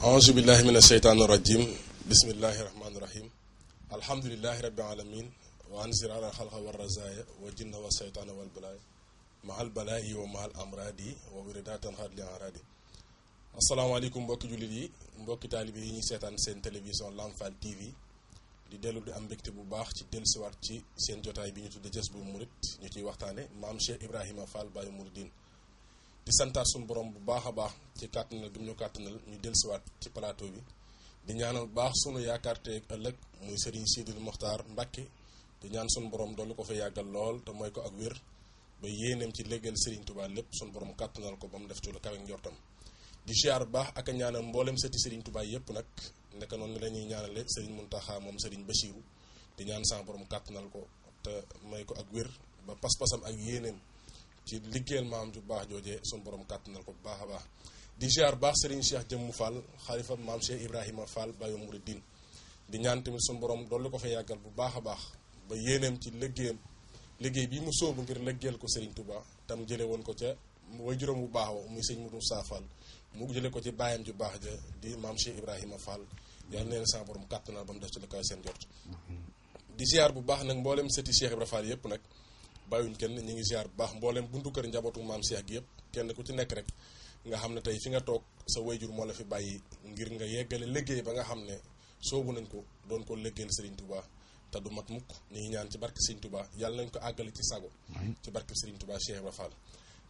أعوذ بالله من الشيطان الرجيم بسم الله الرحمن الرحيم الحمد لله رب العالمين وأنزل على الخلق والرزايا والجن والشيطان والبلايا مع البلاء ومع الأمراض ووردات الخد لأعراض السلام عليكم بوك جوليدي بوك طالبي ني سيتان سين تيليفزيون لامفال تي في di delu di am mbégte bu baax ci delsiwaat ci seen jotaay bi ñu tudd bu murit ñu ciy waxtaane maam cheikh ibrahima fall bayu mouridine di santaat suñu borom bu baax a baax ci kàttanal gi ñu kàttanal ñu dellusiwaat ci plateau bi di ñaanal baax sunu yaakaar te ëllëg muy Serigne Sidil Mokhtar Mbacke di ñaan sunu borom doolu ko fa yàggal lool te mooy ko ak wér ba yéeneem ci léegal Serigne Touba lépp sunu borom kàttanal ko ba mu def ci lu kawe njortam di ziar bu baax ak a ñaanal mboolem sëti Serigne Touba yëpp nag nekk noonu la ñuy ñaanale Serigne Mountakha moom Serigne Bassirou di ñaan sama borom kàttanal ko te may ko ak wér ba pas-pasam ak yéeneem. ci liggéeyal maam ju baax jooje sun borom kàttanal ko bu baax a baax di ziar baax sëriñ Cheikh jëmm Fall xalifa maam Cheikh Ibrahima Fall Bayo Mouridine di ñaan tamit sun borom dolli ko fa yàggal bu baax a baax ba yéeneem ci liggéeyam liggéey bi mu sóobu ngir liggéeyal ko sëriñ tuba tam jële woon ko ca way juróom bu baax wa muy sëñ Mudu Saafal mu jële ko ci bàyyam ju baax ja di maam Cheikh Ibrahima Fall yàlla neen sa borom kàttanal ba mu def ci la kaw seen jort di ziar bu baax nag mboolem sëti Cheikh Ibrahima Fall yépp nag bayuñ kenn ñi ngi ziar bu baax mboolem buntu kër njabotu mam Cheikh gi yëpp kenn ku ci nekk rek nga xamne tay fi nga tok sa wayjur mo la fi bayyi ngir nga yeggale liggéey ba nga xamne ne soobu nañ ko doon ko liggéeyal Serigne Touba ta du mat mukk ñu ñaan ci barke Serigne Touba yalla nañ ko àggale ci sago ci barke Serigne Touba Cheikh Ibra Fall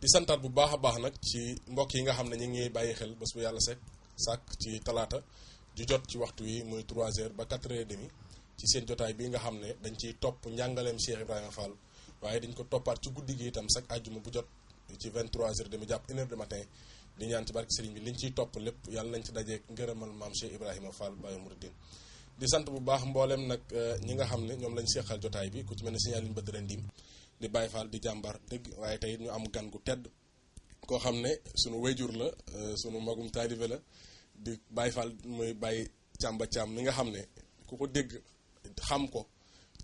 di santat bu baaxa baax nak ci mbokk yi nga xamne ñi ngi bayyi xel bés bu yalla sekk sak ci talata ju jot ci waxtu wi moy 3 h ba 4 h 30 ci seen jotaay bi nga xamne dañ ci top njangalem Cheikh Ibrahima Fall waaye dañ ko toppaat ci guddi gi itam chaque àjjuma bu jot ci 23h30 jàpp 1h du matin di ñaan ci barke sëriñ bi liñ ciy topp lépp yàlla nañ ci dajeek ngërëmal maam Cheikh Ibrahima Fall Baye Mouridine di sant bu baax mbooleem nag eh, ñi nga xam ne ñoom lañ seexal jotaay bi ku ci si ne signaline ba dërën dim di Baye faal di jàmbar dëgg waaye tey ñu am gan gu tedd koo xam ne sunu wayjur la eh, sunu magum taalibe la di Baye Fall muy Baye Càmba Càmm mi nga xam ne ku ko dégg xam ko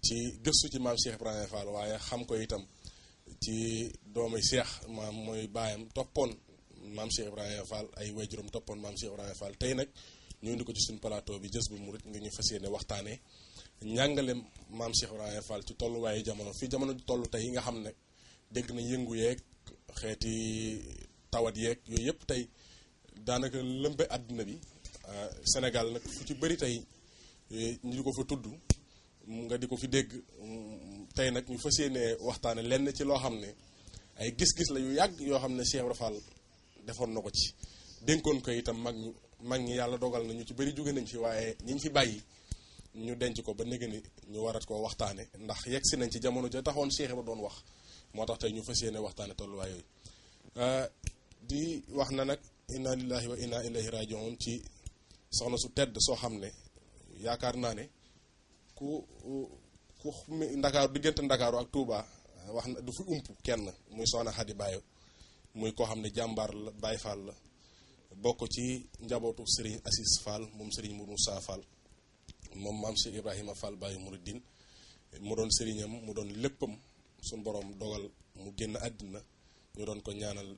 ci gëstu ci maam Cheikh Ibrahima waaye xam ko itam ci doomu Cheikh maam mooy baayam toppoon maam Cheikh Ibrahima Fall ay waajuram toppoon maam Cheikh Ibrahima Fall tey nag ñu di ko ci suñu plateau bi Jazboul Mouride nga ñu fas yéene waxtaanee njàngaleem maam Cheikh Ibrahima Fall ci tolluwaayu jamono fii jamono ji toll tey nga xam ne dégg na yëngu yeeg xeeti tawat yeeg yooyu yëpp tey daanaka lëmbe àddina bi ah, Sénégal nag fu ci bëri tey eh, ñu ko fa tudd. nga di ko fi dégg tey nag ñu fas yéenee waxtaane lenn ci loo xam ne ay gis-gis la yu yàgg yoo xam ne Cheikh Ibra defoon na ko ci dénkoon ko itam mag ñu mag ñi yàlla dogal na ñu ci bëri jóge nañ fi waaye ñi ñu fi bàyyi ñu denc ko ba néega ni ñu warat ko waxtaane ndax yegg si nañ ci jamono ja taxoon Cheikh ba doon wax moo tax tey ñu fas yéene waxtaane tolluwaay euh, di wax na nag inna lillahi wa inna ci soxna su tedd soo xam ne yaakaar naa ne ku ku ndakaaru diggante ndakaaru ak Touba wax na du fi ump kenn muy soxna Xadi Bayo muy koo xam ne jàmbaar la Baye Fall la bokk ci njabootu Serigne Assis Fall moom Serigne saa Fall moom maam Cheikh Ibrahima Fall Baye Mouridine mu doon sëriñam mu doon léppam su borom dogal mu génn àddina ñu doon ko ñaanal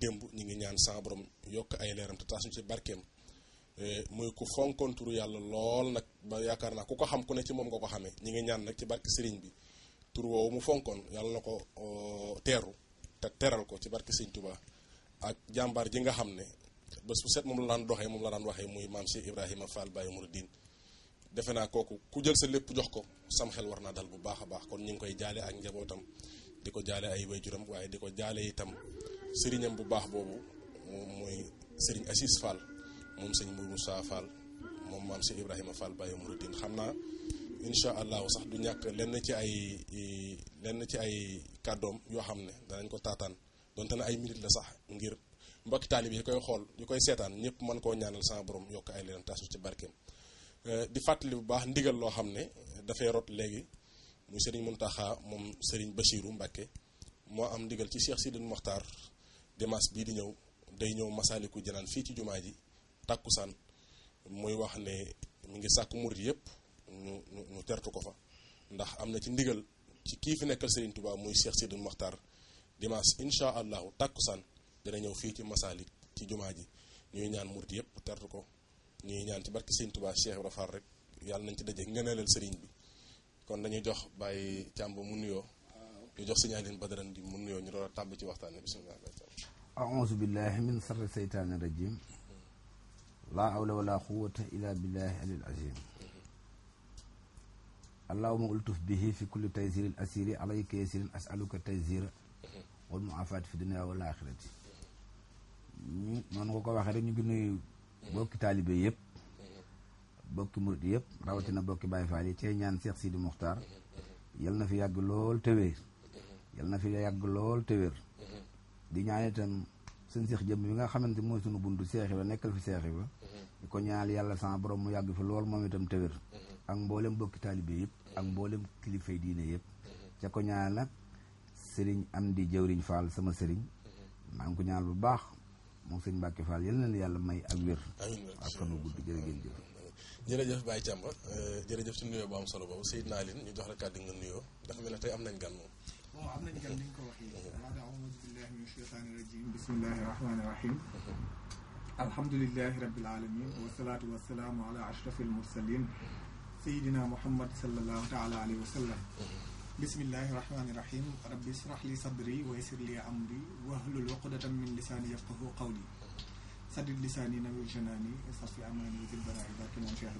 démb ñu ngi ñaan sa borom yokk ay leeram te taas ñu ci barkeem Eh, muy ku fonkon turu yàlla lool nag ba yaakaar naa ku ko xam ku ne ci moom nga ko xamee ñi ngi ñaan nag ci barke sëriñ bi tur woowu mu fonkoon yàlla na ko oh, teeru te teral ko ci barke sëriñ tuba ak jàmbaar ji nga xam ne ba su set moom la daan doxee moom la daan waxee muy maam cheikh ibrahima fall baye mouridine defe naa kooku ku jël sa lépp jox ko sam xel war naa dal bu baax a baax kon ñu koy jaale ak njabootam di ko jaale ay wayjuram waaye di ko jaale itam sëriñam bu baax boobu moom mooy assis fall moom sëñ Moussa Fall moom maam sëñ Ibrahima Fall Baye Mouridine xam naa incha allahu sax du ñàkk lenn ci ay lenn ci ay kàddoom yoo xam ne danañ ko taataan donte na ay minutes la sax ngir mbokki taalib yi koy xool yu koy seetaan ñëpp mën koo ñaanal sama borom yokk ay leneen tasu ci barkeem euh, di fàttali bu baax ndigal loo xam ne dafay rot léegi muy Serigne Mountakha moom Serigne Bachirou Mbacké moo am ndigal ci Cheikh Sidine Mokhtar dimanche bii di ñëw day ñëw Massalikul Jinaan fii ci jumaa ji tàkkusaan muy wax ne mu ngi sàkk murit yëpp ñu ñu tertu ko fa ndax am na ci ndigal kii fi nekkal Serigne Touba muy Cheikh Sidi Mokhtar dimanche incha allahu tàkkusaan dina ñëw fii ci Masalik ci jumaa ji ñuy ñaan murit yëpp tertu ko ñuy ñaan ci barki Serigne Touba Cheikh Ibra Fall rek yàlla nañ ci dajee ngëneelal Serigne bi kon dañuy jox bàyyi càmb mu nuyoo ñu jox siñaalin badaran di mu nuyoo ñu doon tàbb ci waxtaan bi bisimilah. aouzu billahi min sarri seytaani rajim لا حول ولا قوة إلا بالله العلي العظيم اللهم ألطف به في كل تيسير الأسير عليك يسير أسألك تيسير والمعافاة في الدنيا والآخرة noonu nga ko waxee rek ñu ngi nuyu bokki taalibe yëpp bokki murit yëpp rawatina bokki Baay Faal yi cee ñaan Seex Sidi Muxtaar yal na fi yàgg lool te wér yal na fi yàgg lool te wér di ñaan itam seen seex jëm bi nga xamante mooy sunu buntu seex Ibra nekkal fi seex Ibra mm-hmm. di ko ñaanal yàlla sama borom mu yàgg fi lool moom itam tëwér mm-hmm. ak mboolem bokki taalibe yëpp mm-hmm. ak mboolem kilifay diine yëpp ca ko sëriñ am di jëwriñ sama sëriñ maa ngi ko bu baax moo sëñ Mbàkke Fall yal na leen yàlla may ak wér ak kanu gudd jërë ngeen jëf jërëjëf Baye Thiamba jërëjëf ci nuyoo bu am solo boobu Seydina Aline ñu jox la kàddu nuyoo dafa mel tey am nañ gan moom بسم الله الرحمن الرحيم الحمد لله رب العالمين والصلاة والسلام على أشرف المرسلين سيدنا محمد صلى الله تعالى عليه وسلم بسم الله الرحمن الرحيم رب اشرح لي صدري ويسر لي أمري وهل عقدة من لساني يفقه قولي سدد لساني نبي جناني صفي أماني ذي البراء من شهر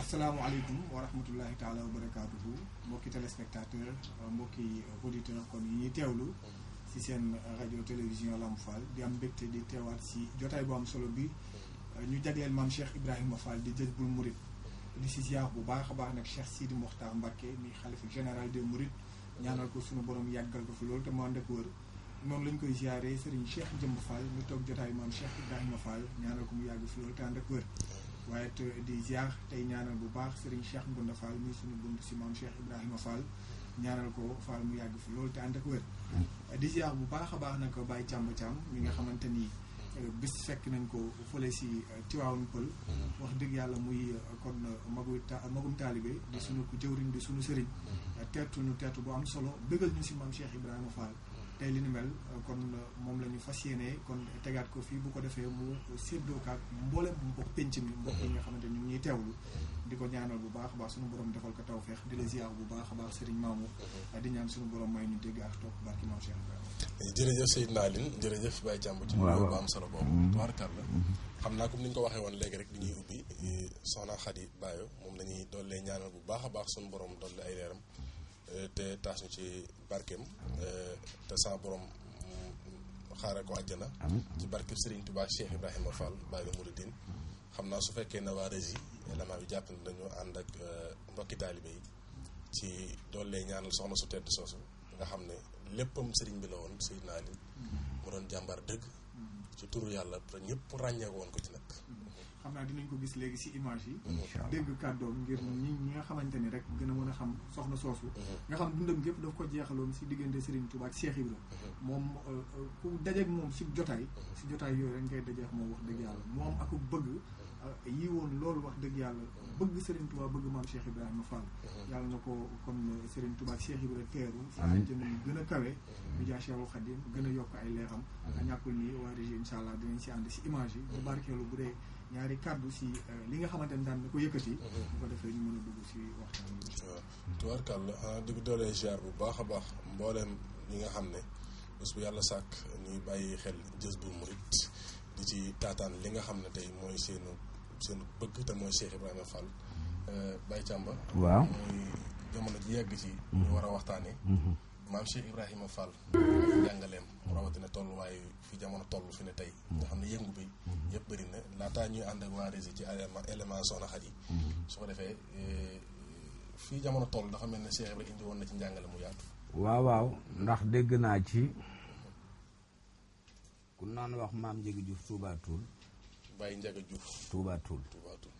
asalaamaaleykum wa rahmatullahi taala wa barakaatuhu mbokki téléspectateur euh, mbokki euh, auditeur kon yi ñuy teewlu ci seen euh, rajo télévision Lamp Fall di am mbégte di teewaat ci jotaay bu am solo bi ñu jagleel maam Cheikh Ibrahima Fall di Jazboul Mouride di ci ziar bu baax a baax nag Cheikh Sidi Mokhtar Mbacké mi xalifa général des Mourides ñaanal ko suñu borom yàggal ko fi loolu te mu ànd ak wër noonu lañ koy ziare Serigne Cheikh Jëmb Fall ñu toog jotaay maam Cheikh Ibrahima Fall ñaanal ko mu yàgg fi loolu te ànd ak waaye te di ziar tey ñaanal bu baax Serigne Cheikh Ngounda Fall muy suñu bunt si maam Cheikh Ibrahima Fall ñaanal ko Fall mu yàgg fi loolu te ànd ak wér. di ziar bu baax a baax nag Baye Thiam Thiam mi nga xamante ni euh, bis fekk nañ ko fële si euh, Tivaouane Pël. Mm-hmm. wax dëgg yàlla muy euh, kon magu ta magum taalibe di suñu jëwriñ di suñu Serigne. Mm-hmm. teertu ñu teertu bu am solo bëggal ñu si maam Cheikh Ibrahima Fall. tey li ni mel kon moom la ñu fas yéenee kon tegaat ko fii bu ko defee mu séddoo mboole mboolem mbokk penc mi mbokk yi nga xamante ni ñu ngi teewlu di ko ñaanal bu baax a baax suñu borom defal ko tawfeex di la ziar bu baax a baax Serigne Mamou ñaan suñu borom may ñu dégg ak topp barki maam Cheikh Ibrahima eh, jërëjëf Seydina Aline jërëjëf Baye Thiam ci bu am solo boobu mm-hmm. xam naa comme ni ñu ko waxee woon léegi rek bi ñuy ubbi eh, soxna Khady Bayo moom la ñuy doollee ñaanal bu baax a baax suñu borom doollee ay leeram Euh, te taas ñu ci barkeem euh, te sama borom xaare ko àjjana ci barkeem Serigne Touba Cheikh Ibrahima Fall Baye Mouridine xam naa su fekkee na waa régi élément bi jàpp ne dañoo ànd ak euh, mbokki taalibe yi ci doole ñaanal soxna su tedd soosu nga xam ne léppam sëriñ bi la woon Seydina Ali mu doon jàmbaar dëgg ci turu yàlla te ñëpp ràññee woon ko ci nag xam naa dinañ ko gis léegi si image yi dégg kàddoom ngir mm-hmm. ñi nga xamante ni rek gën a a xam soxna soosu mm-hmm. nga xam dundam gépp daf ko jeexaloon si diggante Serigne Touba ak Cheikh mm-hmm. moom euh, euh, ku moom si jotaay si jotaay yooyu dañ koy dajeex moom wax dëgg yàlla moom ak bëgg euh, yii woon loolu wax dëgg yàlla bëgg Serigne Touba bëgg maam Cheikh Ibrahima Fall yàlla na ko comme Serigne Touba ak Cheikh Ibrahima teeru si àjjana gën a kawe bi jaa Cheikhul gën a yokk ay leexam ñàkkul ni waa régie incha allah dinañ si ànd si image yi bu barkeelu bu dee ñaari kàddu ci euh, li nga xamante ne daan na ko yëkkati. Mm-hmm. bu ko defee ñu mën a dugg si waxtaan bi. waaw tubaarkàlla ah, di bu baax a baax mbooleem ñi nga xam ne bés yàlla sàkk ñuy bàyyi xel Jazboul Mouride ci taataan li nga xam ne tey mooy seenu seenu bëgg te mooy Cheikh Ibrahima Fall. Euh, Baye Thiamba. waaw muy jamono ji yegg ci. Mm-hmm. ñu war a waxtaanee. Mm-hmm. maam Cheikh Ibrahima Fall jàngaleem rawatina tolluwaayu fi jamono toll fi ne tey nga xam ne yëngu bi yëpp bëri na laataa ñuy ànd ak waa rési ci élément soxna xat yi mhm. su ko defee eh, fii jamono toll dafa mel ne Cheikh Ibrahima indi woon na ci njàngale mu yaatu waaw waaw ndax dégg naa ci ku naan wax maam njëgi juuf tuubaatul bàyyi njaga juuf tuubaatul tuubaatul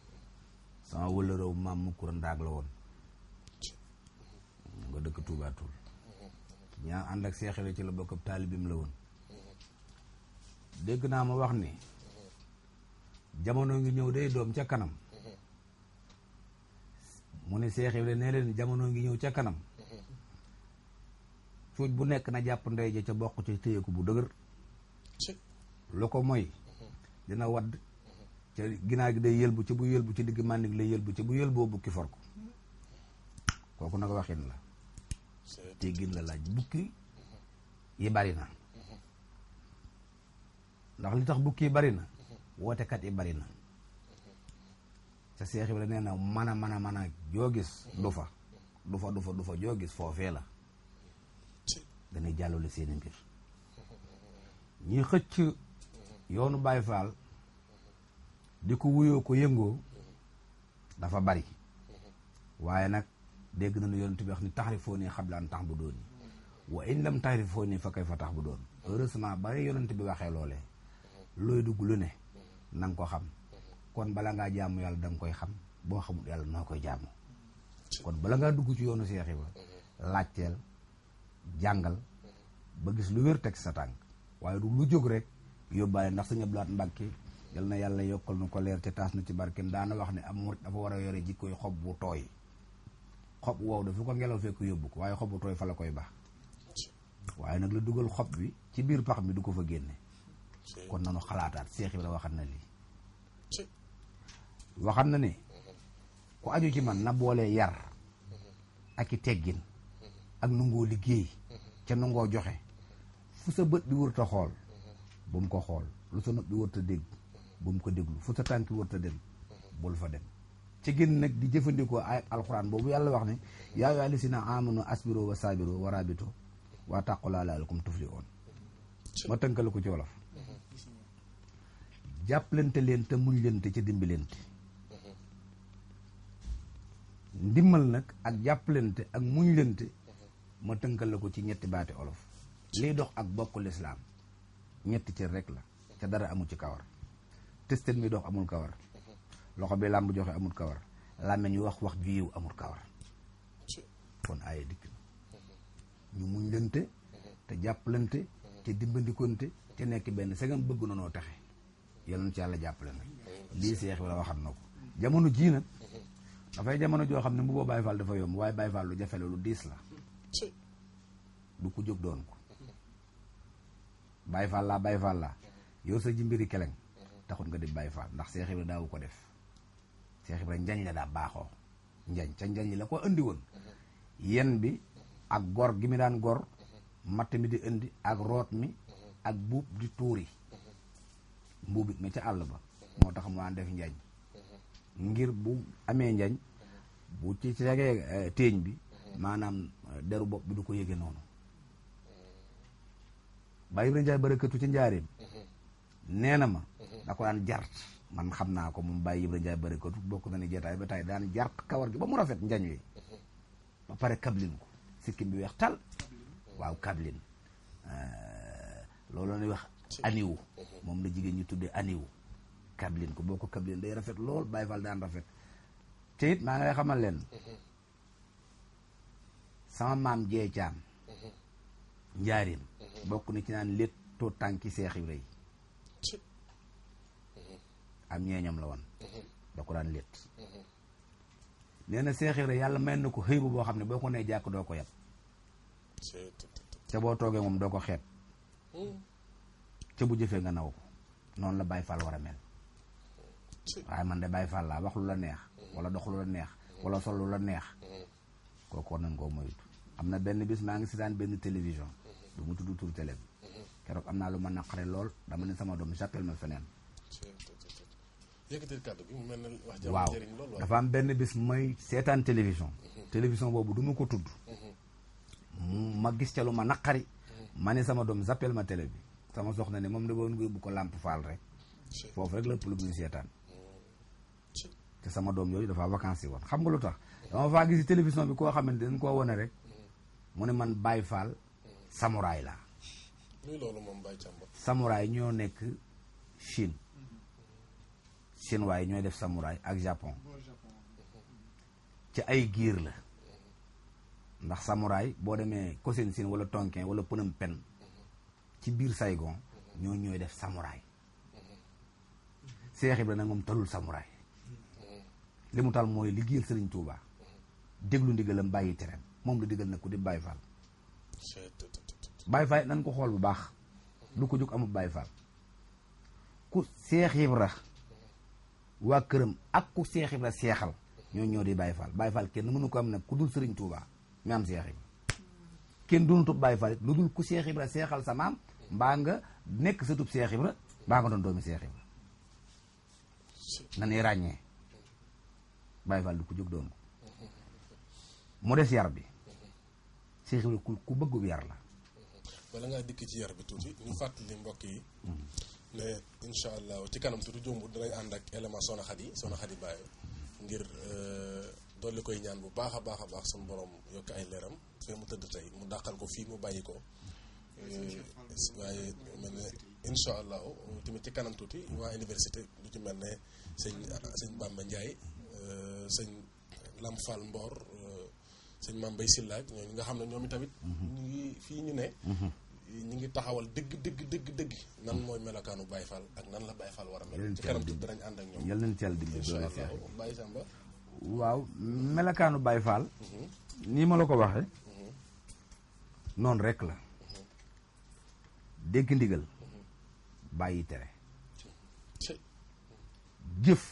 sama wëlëraw maam mukkura ndaag la woon nga dëkk tuubaatul ñaa ya, ànd ak seexale ci la bokk ab taalibim la woon dégg naa ma wax ni jamono ngi ñëw day doom ca kanam mu ne seex ibra nee leen jamono ngi ñëw ca kanam cuuj bu nekk na jàpp ndey ja ca bokk ca téyeku bu dëgër lu ko moy dina wadd ca ginaar gi day yëlbu ci bu yëlbu ci digg lay yëlbu ci bu yëlboo bukki for ko kooku nag waxin la gin la laaj bukki yi bari na ndax li tax bukki yi bari na wootekat yi bari na ca Seex Ibra nee na mën a mën a mën a joo gis du fa du fa du fa du fa joo gis foofee la danay jàllale seeni mbir ñi xëcc yoonu Baay Faal di ko wuyoo ko yëngoo dafa bari waaye nag dégg na nañu yonent bi wax ni taxrifooni xabla an taxbudooni wa in foo taxrifooni fa kayfa taxbudoon heureusement ba yonent bi waxee loole looy dugg lu ne na ko xam kon bala ngaa jaamu yàlla danga koy xam boo xamul yàlla noo koy jàmm kon bala ngaa dugg ci yoonu seexi ba laajteel jàngal ba gis lu wér teg sa tànk waaye dugg lu jóg rek yóbbaale ndax Sëñ Abdou mbakki Mbàkke yal na yàlla yokkal na ko leer te taas na ci barkeem daana wax ne am murit dafa war a yore jikkoy xob bu tooy xob woow dafa ko ngelaw fekk yóbbu ko waaye xobu tooy fa la koy baax waaye nag la dugal xob bi ci biir pax mi du ko fa génne kon nanu xalaataat Seex Ibra waxat na lii waxat na ne ku aju ci man na boole yar mm-hmm. ak i teggin mm-hmm. ak nangoo liggéey mm-hmm. ca nangoo joxe fu sa bët di wërta xool bu mu ko xool lu sa nopp wërta dégg bu mu ko déglu fu sa tànki wërta dem bul fa dem ci génn nag di jëfandikoo ay alxuraan boobu yàlla wax ne yaa ayyuhal lazina aamanu asbiru wa saabiru wa rabitu wa taqulaa la'allakum tuflihoon ma tënkale ko ci wolof jàppalante leen te muñ leen te ci dimbalante ndimmal nag ak jàppalante ak muñ lente ma tënkal ko ci ñetti baati olof liy dox ak bokk lislaam ñetti cër rek la ca dara amu ci kawar testeen mi dox amul kawar loxo bi làmb joxe amul kawar làmmeñ yu wax wax ju yiw amul kawar kon aaye dikk na ñu muñ te jàppalante te dimbandikonte te nekk benn segam bëgg na noo taxe yal na ci yàlla jàppale na lii seex bi la waxat na ko jamono jii nag dafay jamono joo xam ne mbubboo Baay Faal dafa yomb waaye Baay Faal lu jafe la lu diis la du ko jóg doon ko Baay Faal laa Baay Faal laa yow sa ji mbiri keleng taxut nga di bàyyi Faal ndax seex bi daawu ko def Cheikh Ibrahima njañ la daa baaxoo njañ ca njañ la ko andi woon yen bi ak gor gi mi daan gor matt mi di indi ak root mi ak buub di tuuri mbuubit mi ca àll ba moo tax mu daan def njañ ngir bu amee njañ bu ci tegee eh, teeñ bi maanaam eh, deru bopp bi du ko yëge noonu bàyyi Ibrahima Njaay barakatu ci njaareem Nenama, ma da ko daan jart man xam naa ko moom bàyyi Ibra Njaay bëri ko bokk na ni jotaay ba tey daan jart kawar gi ba mu rafet njañ wi ba pare kablin ko sikkim bi weex tal waaw kablin eh, loolu ñuy wax aniwu moom la jigéen ñu tuddee aniwu kablin ko boo kablin day rafet lool Baay Faal daan rafet te it maa ngay xamal leen sama maam jeecaam njaarim bokk na ci naan léttoo tànki seex yu rëy am ñeeñam la woon mm-hmm. da ko daan létt mm-hmm. nee na Seex yàlla may na ko xëy bu boo xam ne boo ko nee jàkk doo ko yab te boo toogee moom doo ko xeet mm-hmm. ca bu jëfee nga naw ko noonu la Baye Fall war a mel waaye man de Baye Fall laa wax lu la neex wala dox lu la neex wala sol lu la neex kooku war nañ koo moytu am na benn bis maa ngi si daan benn télévision du mu tudd tur télé bi am naa lu ma naqare lool dama ne sama doom j'appelle ma feneen yëkkatil kàddu waaw dafa am benn bis may seetaan télévision. Mhm. télévision boobu du ma ko tudd. mu mhm. ma gis ca lu ma naqari. Mhm. ma ne sama doom zappel ma télé bi sama soxna ne moom da woon bu ko làmp faal rek. foofu rek lépp lu muy seetaan. te sama doom yooyu dafa vacances yi woon xam nga lu tax. dama faa télévision bi koo xamante dañ koo wane rek. mu ne man Baye Fall samuraay la muy moom Baye Càmba. samuraay ñoo nekk Chine. chinois yi ñooy def samouraay ak japon ci ay giir la ndax samouraay boo demee sin wala Tonkin wala Phnom Penh ci biir saygon ñoo ñooy def samouraay Seex Ibra nag moom talul samouraay li mu tal mooy liggéeyal Sëriñ Tuubaa déglu ndigalam bàyyi tereem moom la digal na ku di Baay Faal Baay Faal nan ko xool bu baax lu ko jóg amul Baay ku Seex Ibra waa këram ak ku Seex Ibra seexal ñoo ñoo di bàyyi Fall Baye Fall kenn mënu ko am nag ku dul Serigne Touba mi am Seex Ibra kenn doon tub Baye Fall it lu dul ku Seex Ibra seexal sa maam mbaa nga nekk sa tub Seex Ibra mbaa nga doon doomi Seex Ibra nanay ràññee Baye Fall du ko jóg doon mu des yar bi Seex Ibra ku ku bëggub yar la. wala ngaa mais incha allah ci kanam tuuti jombu danañ ànd ak élément Soxna Xadi Soxna Xadi Baay ngir euh, dolli koy ñaan bu baax a baax a baax suñu borom yokk ay leeram fee mu tëdd tey mu dàqal ko fii mu bàyyi ko euh, waaye mel ne ci kanam tuuti waa université lu ci mel ne sëñ sëñ Bamba Ndiaye euh, sëñ Lam Fall Mbor sëñ Mambay Sillaak yi nga xam ne ñoom i tamit mhm. ñu ngi fii ñu ne mhm. ñu ngi taxawal dëgg dëgg dëgg dëgg nan mooy melokaanu Baye Fall ak nan la Baye Fall war a mel ci kanam tudd danañ ànd ak ñoom yal nañ mm-hmm. nii ma la ko waxe mm-hmm. noonu rek la mm-hmm. dégg ndigal bàyyi tere jëf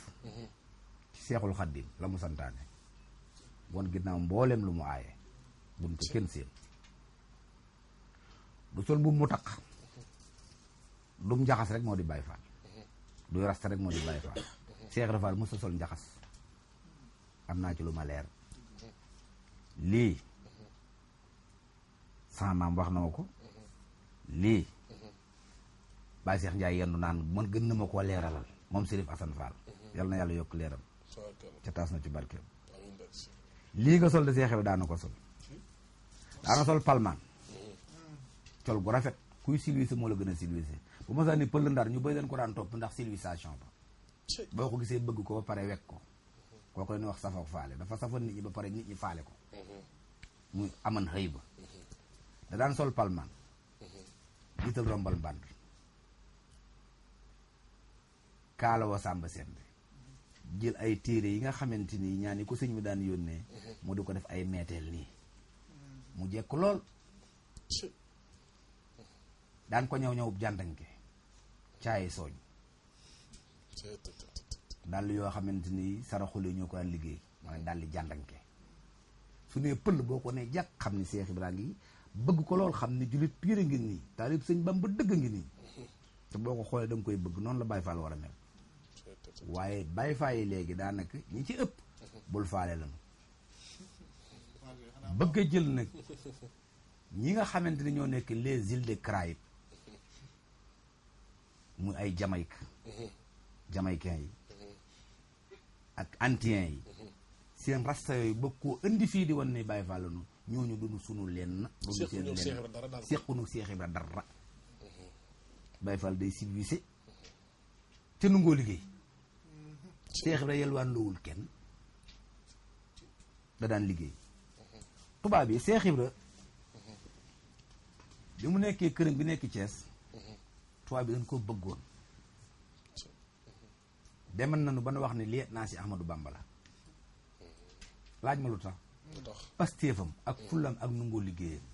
ci seexul xaddim la mu santaane won ginnaaw mbooleem lu mu aaye buñ ko kenn seen du sol bu mu takk du njaxas rek modi di fa du rast rek modi di fa Cheikh Rafal musa sol jaxas amna ci luma leer li sama maam wax nako li ba Cheikh Ndiaye yennu nan mon gën na mako koo mom Serif hasan Fall yal na yàlla yokk leeram ca na ci barke li nga sol de Cheikh bi ko sol sol palman col gu rafet kuy silvisé moo la gën a silwise bu ma ni pël ndar ñu bay leen ko daan topp ndax silvisation ba boo ko gisee bëgg ko ba pare wek ko kooku la wax safa faale dafa safoon nit ñi ba pare nit ñi faale ko mhm. muy aman xëy ba mhm. da daan sol palman gital mhm. rombal mbànd kaalawa samba sembe jël ay téere yi nga xamante ni ñaan ko sëñ mi daan yónnee mu di ko def ay meeteel nii mu jekk lool daan ko ñëw ñëwub jàndanke caaye sooñ dàll yoo xamante ni saraxule ñoo ko daan liggéey maanaam dàll jàndanke su nee pël boo ko ne jàkk xam ni Seex Ibrahima ngi bëgg ko lool xam ni jullit piir ngi nii taalib sëñ Bamba dëgg ngi nii te boo ko xoolee da koy bëgg noonu la Baye Fall war a mel waaye Baye Fall yi léegi daanaka ñi ci ëpp bul faale lañu bëgg a jël nag ñi nga xamante ni ñoo nekk les îles de Caraïbes mu ay jamayk mhm. jamaïcain yi mhm. ak antien yi mhm. seen rasta yooyu bëgg koo indi fii di wan ne Baye Fall nu ñooñu duñu sunu lenn duñu seen lenn sequnu Seex Ibra dara Baye Fall day civilisé te nu liggéey Seex Ibra yelwaan loowul kenn da daan liggéey tubaab yi Seex Ibra bi mu nekkee këram bi nekk Thiès tubaab bi dañ koo bëggoon demal nañu ba nu wax ne liet naa si Ahmadou Bamba la laaj ma lu tax pastéefam ak mm. fullam ak nungoo liggéeyam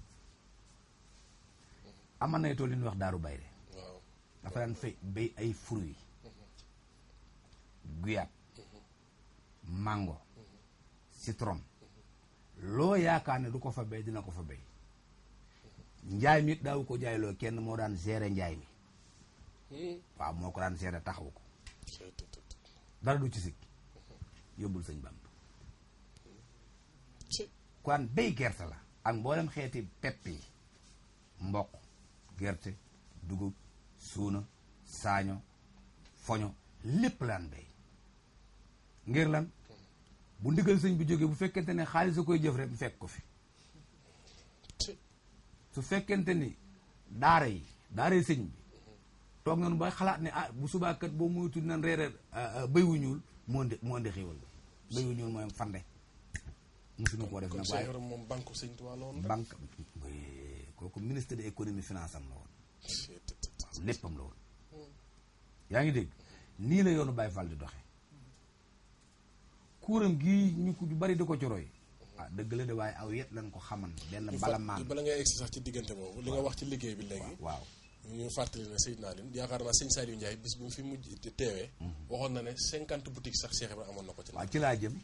ama nay tool li wax daaru bay de dafa daan fay bay ay fruit mm-hmm. guyaat mm-hmm. mango mm-hmm. citron loo yaakaar ne du ko fa bay dina ko fa bay njaay mi daaw ko jaayloo kenn moo daan gérer njaay mi waaw moo ko daan seede taxaw ko dara du ci sikk yóbbul sëñ bamb kon béy gerte la ak mboolem xeeti pepp yi mboq gerte dugub suuna saaño foño lépp laan béy ngir lan bu ndigal sëñ bu jógee bu fekkente ne xaalis a koy jëf rek mu fekk ko fi su fekkente ni daara yi daara yi sëñ bi tok nga ba xalaat ne ah bu suba kat bo boo tud nan reere ah, ah, beewu ñul mo moo mo moo xewal beewu ñul moy ñuul mu suñu ko def na baay moom banque sëñ tuwa la woon banque kooku ministre de économie finance am lawon leppam lawon la yaa ngi dégg ni la yoonu Baye Fall di doxé kuuram gi ñu ko bari di ko ci roy ah dëgg la de way aw yet lañ ko xaman benn balamaan bala ngay egsi sax ci digënté boobu li nga wax ci liggéey bi légui waaw ñu fàttali ne Seydina Alioune yaakaar naa sëñ Saliou Ndiaye bis bu mu fi mujj teewee waxoon na ne cinquante boutiques sax Cheikh Ibrahim amoon na ko ci waaw ci laa jëm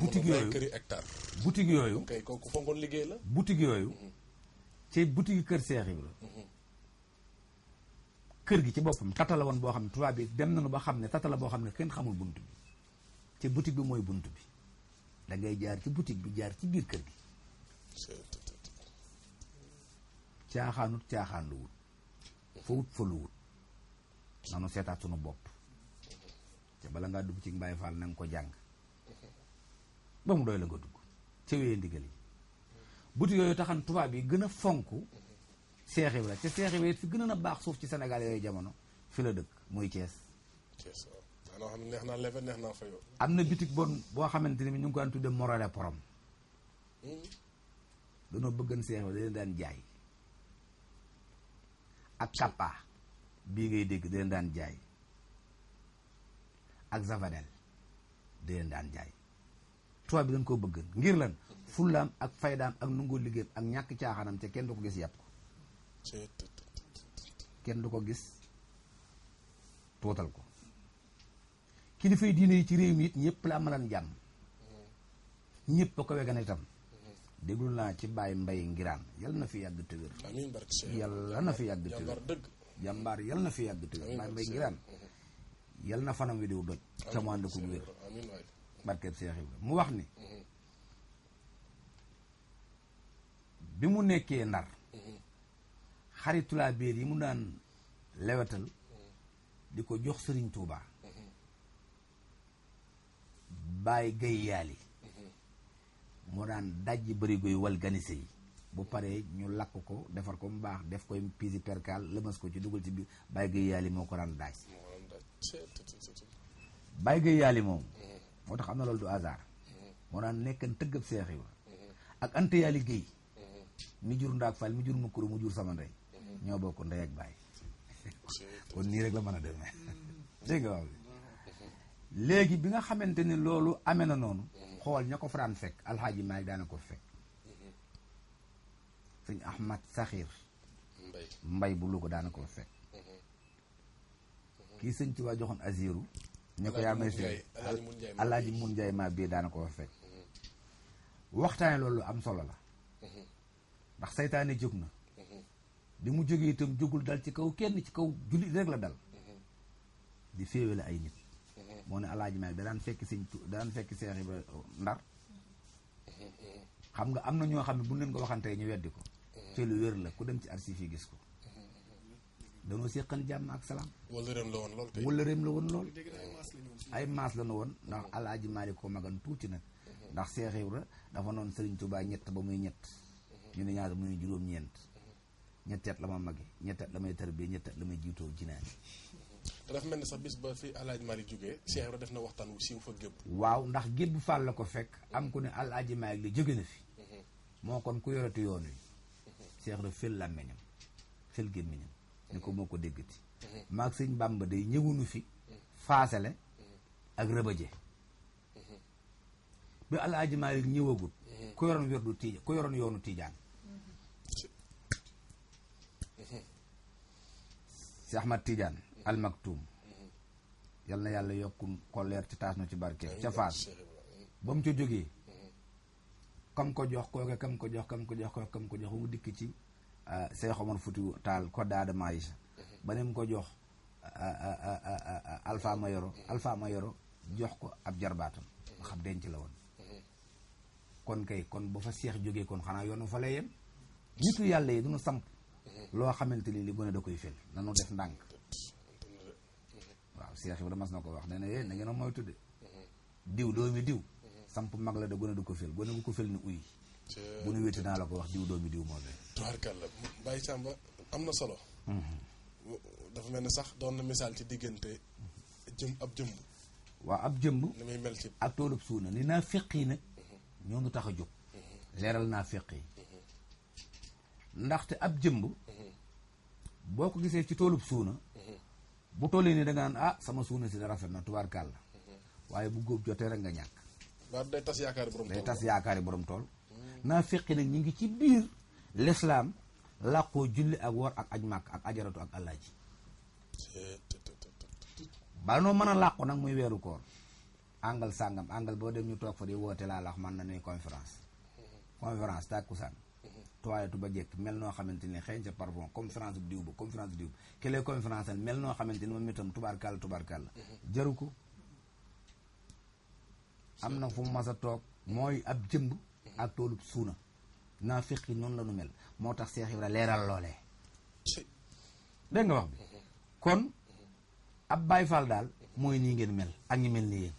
boutique yooyu këri hectare boutique yooyu kay kooku fonkoon liggéey la boutique yooyu mhm. ci boutique kër Cheikh Ibrahim. Mhm. kër gi ci boppam tata la woon boo xam ne tubaab bi dem nañu ba xam ne tata la boo xam ne kenn xamul buntu bi ci boutique bi mooy buntu bi da ngay jaar ci boutique bi jaar ci biir kër gi caaxaanut caaxaan lu wut fa wut lu wut nanu seetaat sunu bopp bala ngaa dugg ci Baay Faal na ko jàng ba mu doy la nga dugg te wéyee buti yooyu taxan tubaab yi gën a fonk Seex la te Seex Ibra fi gën a baax suuf ci Sénégal yooyu jamono fi la dëkk muy Thiès. am na bitik bon boo xamante ni ñu ngi ko daan tudde morale porom hmm? danoo bëggan Seex Ibra da daan jaay ak sàppaa bii ngay dégg dina daan jaay ak Zavanel dina daan jaay tubaab bi dañ koo bëgg ngir lan fullaam ak faydaam ak nungoo liggéeyam ak ñàkk caaxaanam ca kenn du ko gis yàpp ko kenn du ko gis tuutal ko kilifay diine yi ci réew mi it ñëpp la amalan jàmm ñëpp a ko wegane itam déglu naa ci Baye mbay Ngiraan yal na fi yàgg te wér. na fi yàgg te wér. yal na fi yàgg te wér. Baye Ngiraan yal na fanam wi doj. te mu ànd ko wér. mu wax ni. Mm-hmm. bi mu nekkee ndar. Mm-hmm. xaritulaa biir yi mu daan lewetal. Mm-hmm. di ko jox Serigne Touba. Baye Gaye Yaali. moo daan dajji bërigo yi wal ganise yi bu paree ñu lakk ko defar ko mu baax def koy piisi perkaal lëmas ko ci dugal ci biir bàyyi gay yaali moo ko daan daaj bàyyi gay yaali moom mm-hmm. moo tax am na loolu du hasard mm-hmm. moo daan nekkan tëggab seex yi mm-hmm. ak ante yaali géy mi jur ndaak fal mu jur makkuro mu jur sama ndey ñoo bokk ndey ak bàyyi kon nii rek la mën a demee léegi bi nga xamante ne loolu amee na noonu xool ña ko faraan fekk alxaaji Maalik daana ko fekk sëñ Ahmad Saxir mbay bu ko daana ko fekk mhm. kii sëñ Tuubaa joxoon Aziru ne ko yaa may sëñ alxaaji Mun Njaay maa bii daana ko fekk mhm. waxtaane loolu am solo la mhm. ndax seytaane jóg na di mu jógee itam jógul dal ci kaw kenn ci kaw jullit rek la dal di féewale ay nit moo ne alaaji Maalik da daan fekk sëñ da daan fekk Seex Ibra Ndar xam nga am na ñoo xam ne bu leen ko waxantee ñu weddi ko ci lu wér la ku dem ci archives fii gis ko danoo séqan jàmm ak salaam wëllëreem la woon lool la woon lool ay maas la nu woon ndax alaaji Maalik ko magan tuuti nag ndax Seex Ibra dafa noon Sëriñ Tuubaa ñett ba muy ñett ñu ne ñaar muy juróom-ñeent ñetteet la ma magi ñetteet la may tër bi ñetteet la may jiitoo jinaani te dafa mel ni sax bis ba fi alaaji Malick jógee Cheikh Ibra def na waxtaan wu siiw fa gébb waaw ndax gébb Fall la ko fekk am ku ne alaaji Malick li jóge na fi mhm. moo kon ku yoratu yoon wi mhm. Cheikh Ibra fël làmmeñam fël gémmiñam ni ko mhm. sëñ Bàmba day ñëwunu fi faasale ak rëbëje bi alaaji Malick ñëwagul ku yoroon werdu tiija ku yoroon yoonu tiijaan Cheikh Tiijaan almaktum yal na yàlla yokku ko ci taas na ci barke ca faas ba mu ca jógee mm-hmm. kam ko jox kooke kam ko jox kam ko jox kooke kam ko jox dikk ci Seex ah, Omar Fuutiyu Taal ko daada maayisa mm-hmm. ba ko jox ah, ah, Alpha Mayoro mm-hmm. Alpha Mayoro jox ko ab jarbaatam nga xam denc la woon kon kay kon ba fa seex jógee kon xanaa yoonu fa lay yem nitu yàlla yi duñu samp loo xamante ni li gën a da koy fel nanu def ndànk waaw Cheikh Ibra mas na ko wax nee na yéen na ngeen a moytu de diw doomi diw samp mag la de gone du ko fel gone ko fel ni uy bu nu wéti naa la ko wax diw doomi diw moo fee tubaarkàlla Baye Samba am na solo dafa mel ne sax doon na misaal ci diggante jëm ab jëmb waaw ab jëmb ni muy mel ci ak toolub suuna ni naa féq yi nag ñoo ngi tax a jóg leeral ndaxte ab jëmb boo ko ci toolub suuna bu tollee ni da nga ah sama suuna ci da rafet na kal waye bu góob jotee rek nga ñàkk day tas yaakar borom tol day tas yaakar borom tol na feqi nag ñi ngi ci l'islam la ko julli ak wor ak ajmak ak ajaratu ak àllaaji ba no mën la ko nak muy weeru koor angal sangam angal bo dem ñu tok fa di wote la la man na ne conférence conférence takusan toilette ba jekk mel noo xamante ni xeeñ sa parfum conférence bu diw ba conférence diw ba ki conférence al mel noo xamante ni moom itam tubaarkàll tubaarkàll mm-hmm. jaru ko am na fu mas a toog mooy ab jëmb mm-hmm. ak toolub suuna naa fiqi noonu la nu mel moo tax Seex Ibra leeral loolee dégg nga wax bi mm-hmm. kon ab Baay Faal daal mooy nii ngeen mel ak ñi mel ni yéen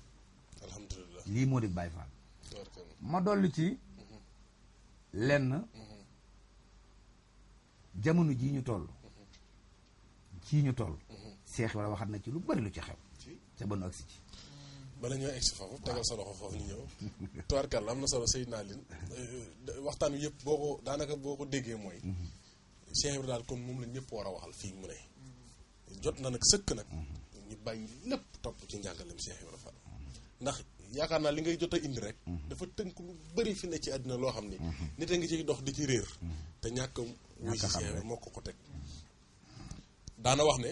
alhamdulilah lii moo di Faal ma dolli ci lenn jamono jii ñu toll jii ñu toll seex wala waxat na ci lu bari lu ci xew ca ba nu agsi ci bala ñoo egsi foofu tegal sa loxo foofu ñu ñëw tubaarkàlla am na solo Seydina Alioune eh, eh, waxtaan wi yëpp boo daanaka boo ko déggee mooy Cheikh daal comme moom la ñëpp war a waxal fii mu ne jot na nag sëkk nag ñu bàyyi lépp topp ci njàngaleem Cheikh Ibra Fall ndax yaakaar naa li ngay jot a indi rek mm-hmm. dafa tënk lu bari fi ne ci àddina loo xam ni mm-hmm. nit a ngi ciy dox di ci réer mm-hmm. te ñàkk musicien moo ko ko teg daana wax ne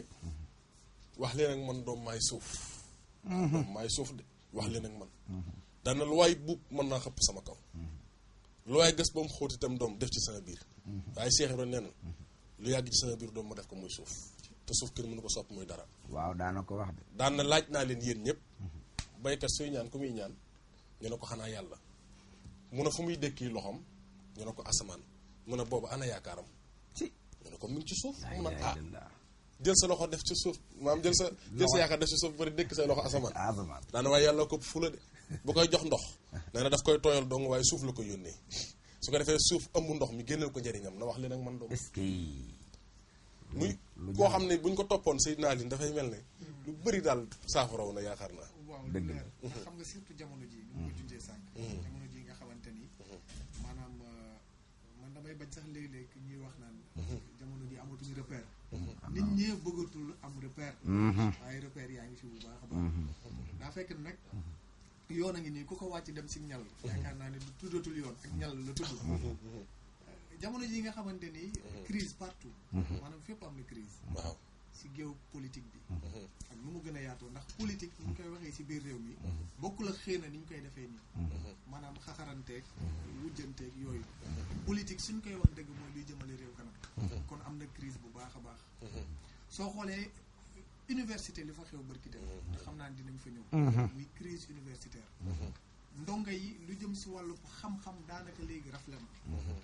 wax leen ak man doom maay suuf mhm. doom suuf de wax leen ak man daana lu waay buub mën naa xëpp sama kaw lu waaye gës ba mu xóot itam doom def ci sama biir mhm. waaye Cheikh Ibra nee na mhm. lu yàgg ci sama biir doom ma def ko muy suuf te suuf kenn na ko sopp muy dara waaw daana ko wax de daan na laaj naa leen yéen ñëpp baykat suy ñaan ku muy ñaan ñu ne ko xanaa yàlla mu ne fu muy dëkki loxoom ñu ne ko asamaan mun a boobu ana yaakaaram ci mu ne ko ci suuf mun a ah jël sa loxo def ci suuf maam jël sa jël yaakaar def ci suuf bari dëkk say loxo asamaan daana waaye yàlla ko fula de bu koy jox ndox nee na daf koy tooyal dong waaye suuf la ko yónnee su ko defee suuf ëmb ndox mi génneel ko njëriñam na wax li nag man dong muy koo xam ne buñ ko toppoon Seydina Ali dafay mel ne lu bëri daal saafaraw na yaakaar naa dëgg la mm-hmm. xam nga surtout jamono ji ñu damay bañ sax léeg-léeg ñuy wax naan. Mhm. jamono ji amatuñu repère. Mhm. nit ñi bëggatul am repère. Mhm. waaye repère yaa ngi fi bu baax a baax. daa fekk nag yoon a ngi nii ku ko wàcc dem si ñal. yaakaar naa ne du tuddatul yoon ak ñal la tudd. jamono ji nga xamante ni. crise partout. maanaam fépp am na crise waaw. si géew politique bi mhm. Mhm. ak nu mu gën a yaatoo ndax politique ni ñu koy waxee si biir réew mi mhm. bokkul ak xëy na ni ñu koy defee nii maanaam xaxaranteeg wujjanteeg yooyu politique suñ koy wax dëgg mooy luy jëmale réew kanam kon am na crise bu baax a baax soo xoolee université li fa xew barki dem te xam naa dinañ fa ñëw muy crise universitaire ndongo yi lu jëm si wàllu xam-xam daanaka léegi rafle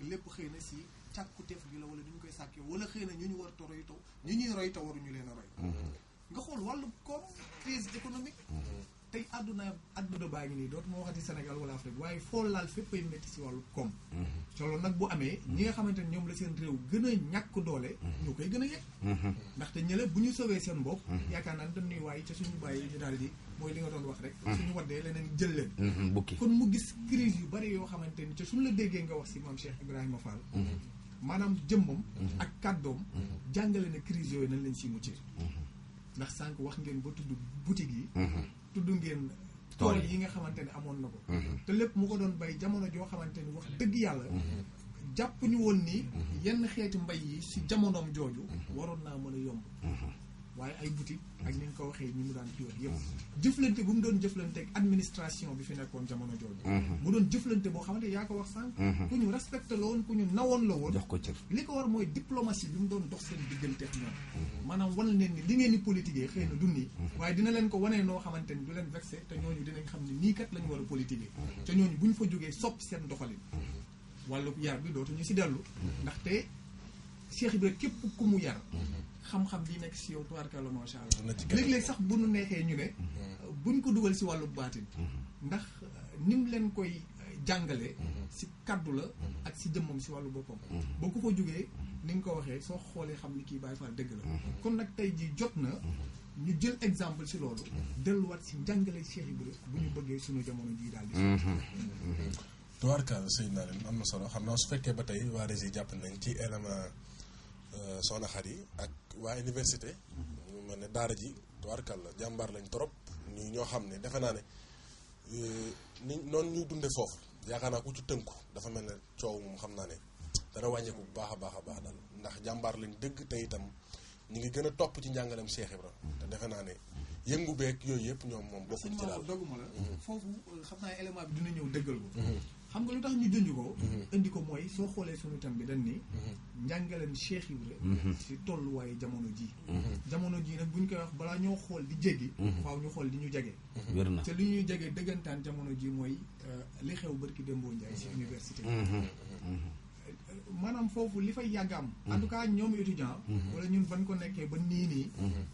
lépp xëy na si càkkuteef gi la wala duñ koy sàkkee wala xëy na ñu ñu war ta roy taw ñu ñuy roy taw waruñu leen a roy mm-hmm. nga xool wàllu koom crise économique mm-hmm. tey àdduna àdduna baa ngi nii dootuma waxati Sénégal wala Afrique waaye foo laal fépp ay métti si wàllu koom mm-hmm. te nag bu amee ñi nga xamante ne ñoom la seen réew gën a ñàkk doole ñoo koy gën a yëg ndaxte ñële bu ñu sowee seen bopp yaakaar naa dañ nuy waaye ca suñu bàyyi ñu daal di mooy li nga doon wax rek suñu waddee kon mu gis crise yu bari yoo xamante ni ca suñu la déggee nga wax si maam Cheikh Ibrahima Fall maanaam jëmmam mhm. ak kàddoom mhm. jàngale na crise yooyu nañ leen si mucc mhm. ndax sànq wax ngeen ba tudd boutique yi tudd ngeen tool yi nga xamante ni amoon na ko te lépp mu ko doon bay jamono joo xamante ni wax dëgg yàlla jàpp ñu woon ni yenn xeeti mbay yi si jamonoom jooju waroon naa mën a yomb waaye ay boutique ak ni nga ko waxee ñu mu daan yor yëpp jëflante bu mu doon jëflante ak administration bi fi nekkoon jamono jooju mhm. mu doon jëflante boo xamante yaa ko wax sànq mhm. ku ñu respecté la woon ku ñu nawoon la woon jox ko cër li ko war mooy diplomatie bi mu doon dox seen diggante ak ñoom mhm. maanaam wan leen ni li ngeen di politiquer xëy na dund yi waaye dina leen ko wanee noo xamante ni du leen vexé te ñooñu dinañ xam ne nii kat la ñu war a politiquer te ñooñu bu ñu fa jógee soppi seen doxalin wàllu yar bi dootuñu si dellu ndaxte Cheikh Ibrahima képp ku mu yar xam-xam bi nekk si yow tubaarkalla macha allah. léeg-léeg sax bu nu neexee ñu ne. bu mm-hmm. buñ ko dugal si wàllu baatin. Mm-hmm. ndax euh, ni mu leen koy euh, jàngale mm-hmm. si kaddu la. ak si jëmmam si wàllu boppam. boo ko ko jógee ni nga ko waxee soo xoolee xam ni kii Baay Faal dëgg la. kon nag tey jii jot na. ñu jël exemple si loolu. delluwaat si njàngale Cheikh Ibra bu ñu bëggee suñu jamono jii daal di. tubaarkalla sëñ naa leen am na solo xam naa su fekkee ba tey waa Régis jàpp nañ ci élément. Euh, soxna xar yi ak waa université mhm. mu mel ne daara ji tubaarkal la jàmbaar lañ trop ñu ñoo xam ne defe naa ne euh, ni noonu ñuy dunde foofu yaakaar naa ko ci tënku dafa mel ne coow moom xam naa ne dana wàññeeku bu baax a baax a baax daal ndax jàmbaar lañ dëgg te itam ñu ngi gën a topp ci njàngalem Cheikh Ibra mhm. te defe naa ne yëngu beeg yooyu yëpp ñoom moom bokkuñ ci daal mhm. foofu xam naa élément bi dina ñëw dëggal ko xam nga lu tax ñu junj ko. Mhm. indi ko mooy soo xoolee suñu tam bi dañ ni. Mhm. njàngaleen Cheikh Ibra si mhm. tolluwaayu jamono ji. jamono ji nag buñ koy wax balaa ñoo xool di jéggi. waaw ñu xool di ñu jege. wér na te li ñuy jege dëggantaan jamono ji mooy euh, li xew barki Dembo njaay si université euh, maanaam foofu li fay yàgg am. en tout cas ñoom étudiant wala ñun ban ko nekkee ba nii nii. Euh,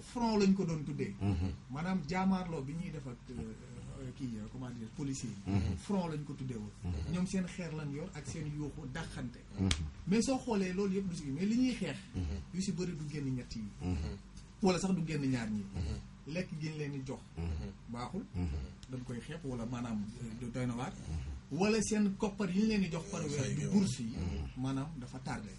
front lañ ko doon tuddee. maanaam jaamaarloo bi ñuy def kii euh, comment dire policier yi mhm. front lañ ko tuddee woon mhm. ñoom seen xeer lan yor ak seen yuuxu dàqante mhm. mais soo xoolee loolu yëpp du si mais li ñuy xeex yu si bëri du génn ñett yi wala sax du génn ñaar ñi lekk gi leen di jox baaxul dañ koy xeeb wala maanaam euh, doy na waar wala seen koppar yi ñu leen di jox par weer du yi maanaam dafa tardé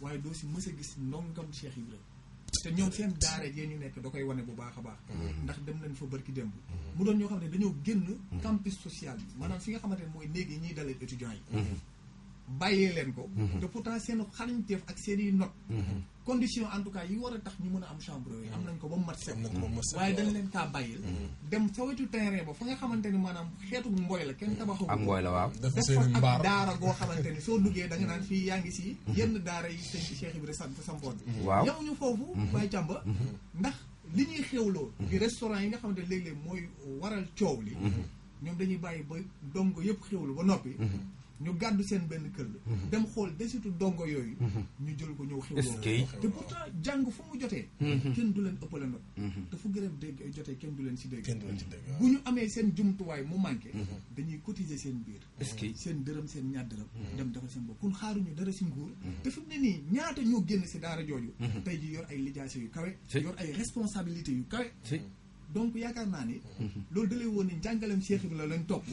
waaye doo si mës a gis ndongam Cheikh Ibrahima te ñoom seen daara yee ñu nekk da koy wane bu baax a baax ndax dem nañ fa barki démb mu doon ñoo xam ne dañoo génn campus social bi maanaam fi nga xamante ne mooy néeg yi ñuy dalee étudiants yi bàyyee leen ko mhm. te pourtant seen xarañteef ak seen i not mhm. condition en tout cas yi war a tax ñu mën a am chambre yi am mhm. nañ ko ba mu mat set waaye dañ leen kaa bàyyil dem sa wetu terrain ba fa nga xamante ni maanaam xeetu mbooy la kenn tabaxu am mboy la waaw def ak daara goo xamante ni soo duggee da naan fii yaa ngi si yenn daara yi sëñ bi Cheikh Ibra sant sampoon bi waaw yamuñu foofu Baye Thiamba ndax li ñuy xewloo di restaurant yi nga xamante léeg-léeg mooy waral coow li ñoom dañuy bàyyi ba dongo yëpp xewlu ba noppi ñu gàddu seen benn kër mhm. dem xool desitu dongo yooyu mhm. ñu jël ko ñëw xew te pourtant jàng fu mu jotee mhm. kenn du leen ëppale nag te fu grève dégg jotee kenn du leen si dégg bu ñu seen jumtuwaay mu manqué dañuy cotiser seen biir seen seen ñaar dem defal seen bopp kun xaaruñu dara si nguur te fi mu ne nii ñaata ñoo génn si daara jooju tey ji yor ay lijaase yu kawe yor ay responsabilité yu kawe donc yaakaar naa ni mhm. loolu dalay woon ni njàngaleem Cheikh Ibrahima la lañ topp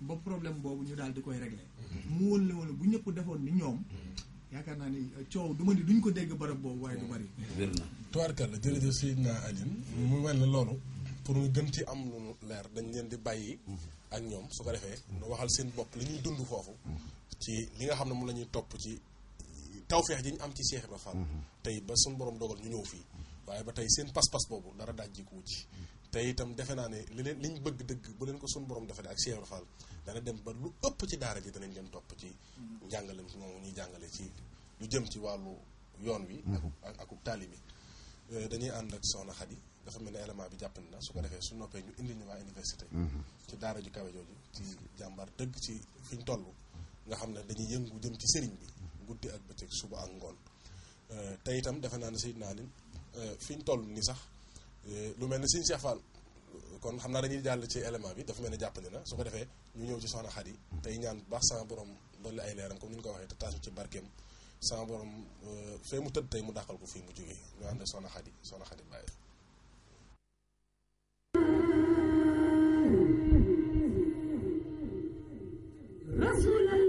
ba problème boobu ñu daal di koy réglé mu woon la bu ñëpp defoon ni ñoom mhm. yaakaar naa ni euh, coow du ma ni duñ ko dégg barab boobu waaye du bari mhm. tubaarkàlla jërëjëf Seydina Aline mu mel ne loolu pour ñu gën ci am lu leer dañ leen di bàyyi ak ñoom su ko defee nu waxal seen bopp li ñuy dund foofu ci li nga xam ne moom la ñuy topp ci tawfeex ji ñu am ci Cheikh Ibrahima Fall tey ba suñu borom dogal ñu ñëw fii waaye ba tey seen pas-pas boobu dara daajjiku wu ci te itam defe naa ne li leen liñ bëgg dëgg bu leen ko suñu borom defee ak Cheikh faal dana dem ba lu ëpp ci daara ji danañ dem topp ci njàngale moom ñuy jàngale ci lu jëm ci wàllu yoon wi mhm. ak akub taali euh, dañuy ànd ak soxna Xadi nga xam ne élément bi jàppandi na su ko defee su noppee ñu indi ñu waa université mhm. ci daara ju kawe jooju ci jàmbaar dëgg ci fi ñu toll nga xam ne dañuy yëngu jëm ci sëriñ bi mhm. guddi ak bëccëg suba ak ngoon euh, te itam defe naa ne naa Alin fiñ ñu toll nii sax lu mel ni Serigne Cheikh Fall kon xam naa dañuy jàll ci élément bi dafa mel ni jàppandi na su ko defee ñu ñëw ci soxna Xadi tey ñaan baax sama borom dolli ay leeram comme ni ñu ko waxee te taas ci barkeem sama borom fee mu tëdd tey mu dàqal ko fii mu jógee ñu ànd soxna Xadi soxna Xadi Mbaye رسول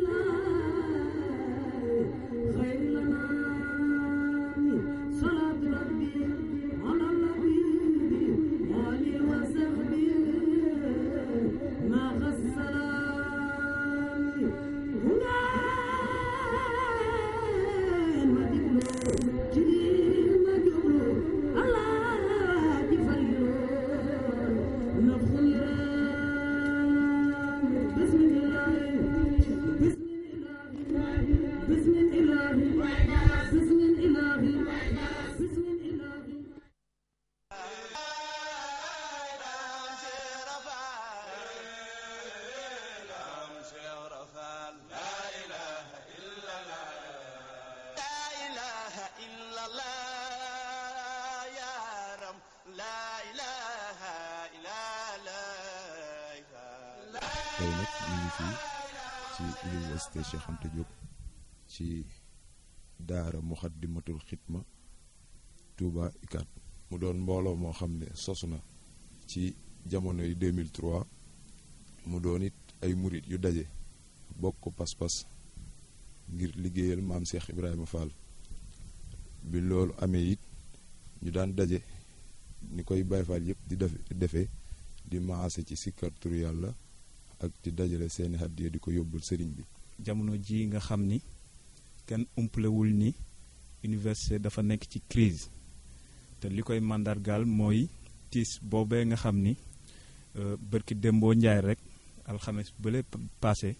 daara Cheikh Anta Diop ci daara muxaddimatul khitma Touba ikat mu doon mbooloo moo xam ne na ci jamono yi 2003 mu doon it ay murit yu daje bokk pas-pas ngir liggéeyal maam Cheikh Ibrahima Fall bi loolu amee it ñu daan daje ni koy Baye Fall yépp di defee di maase ci sikkar turu yàlla ak di dajale seeni hadiya di ko yóbbul sëriñ bi jamono ji nga xam ni kenn umpalewul ni université dafa nekk ci crise te li koy màndargaal mooy tiis boobee nga xam ni euh, bërki démboo njaay rek alxames bële passé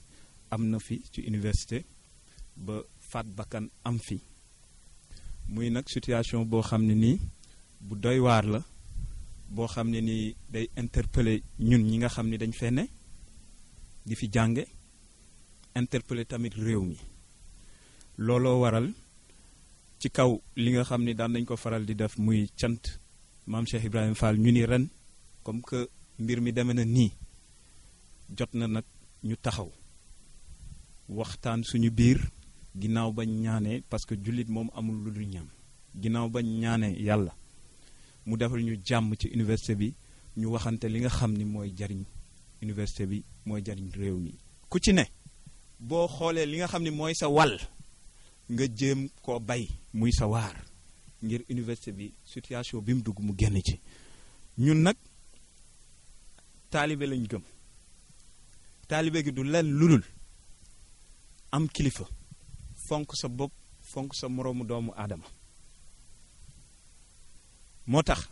am na fi ci université ba faat bakkan am fi muy nag situation boo xam ne nii bu doy waar la boo xam ne nii day interpeller ñun ñi nga xam ni dañ fee ne di fi jànge interpeller tamit réew mi looloo waral ci kaw li nga xam ni daan nañ ko faral di def muy cant maam Cheikh Ibrahima Fall ñu ni ren comme que mbir mi deme na nii jot na nag ñu taxaw waxtaan suñu biir ginnaaw bañ ñaanee parce que jullit moom amul lu dul ñam ginnaaw bañ ñaanee yàlla mu defal ñu jàmm ci université bi ñu waxante li nga xam ni mooy jariñ université bi mooy jariñ réew mi ku ci ne boo xoolee li nga xam ni mooy sa wal nga jéem koo bay muy sa waar ngir université bi situation bi mu dugg mu génn ci ñun nag taalibe lañ gëm taalibe gi du lenn dul am kilifa fonk sa bopp fonk sa moroomu doomu aadama moo tax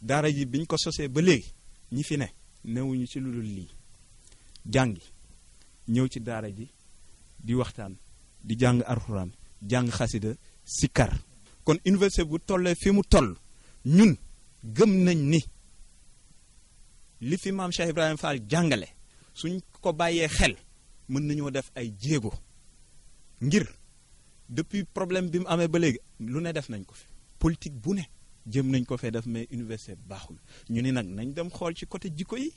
daara ji biñ ko sosee ba léegi ñi fi ne newuñu ci lulul lii jàngi ñëw ci daara ji di waxtaan di jàng arxuraan jàng xasida sikkar kon université bu tollee fi mu toll ñun gëm nañ ni li fi maam Cheikh Ibrahima Fall jàngale suñ ko bàyyee xel mën nañoo def ay jéego ngir depuis problème bi mu amee ba léegi lu ne def nañ ko fi politique bu ne jëm nañ ko fee def mais université baaxul ñu ni nag nañ dem xool ci côté jikko yi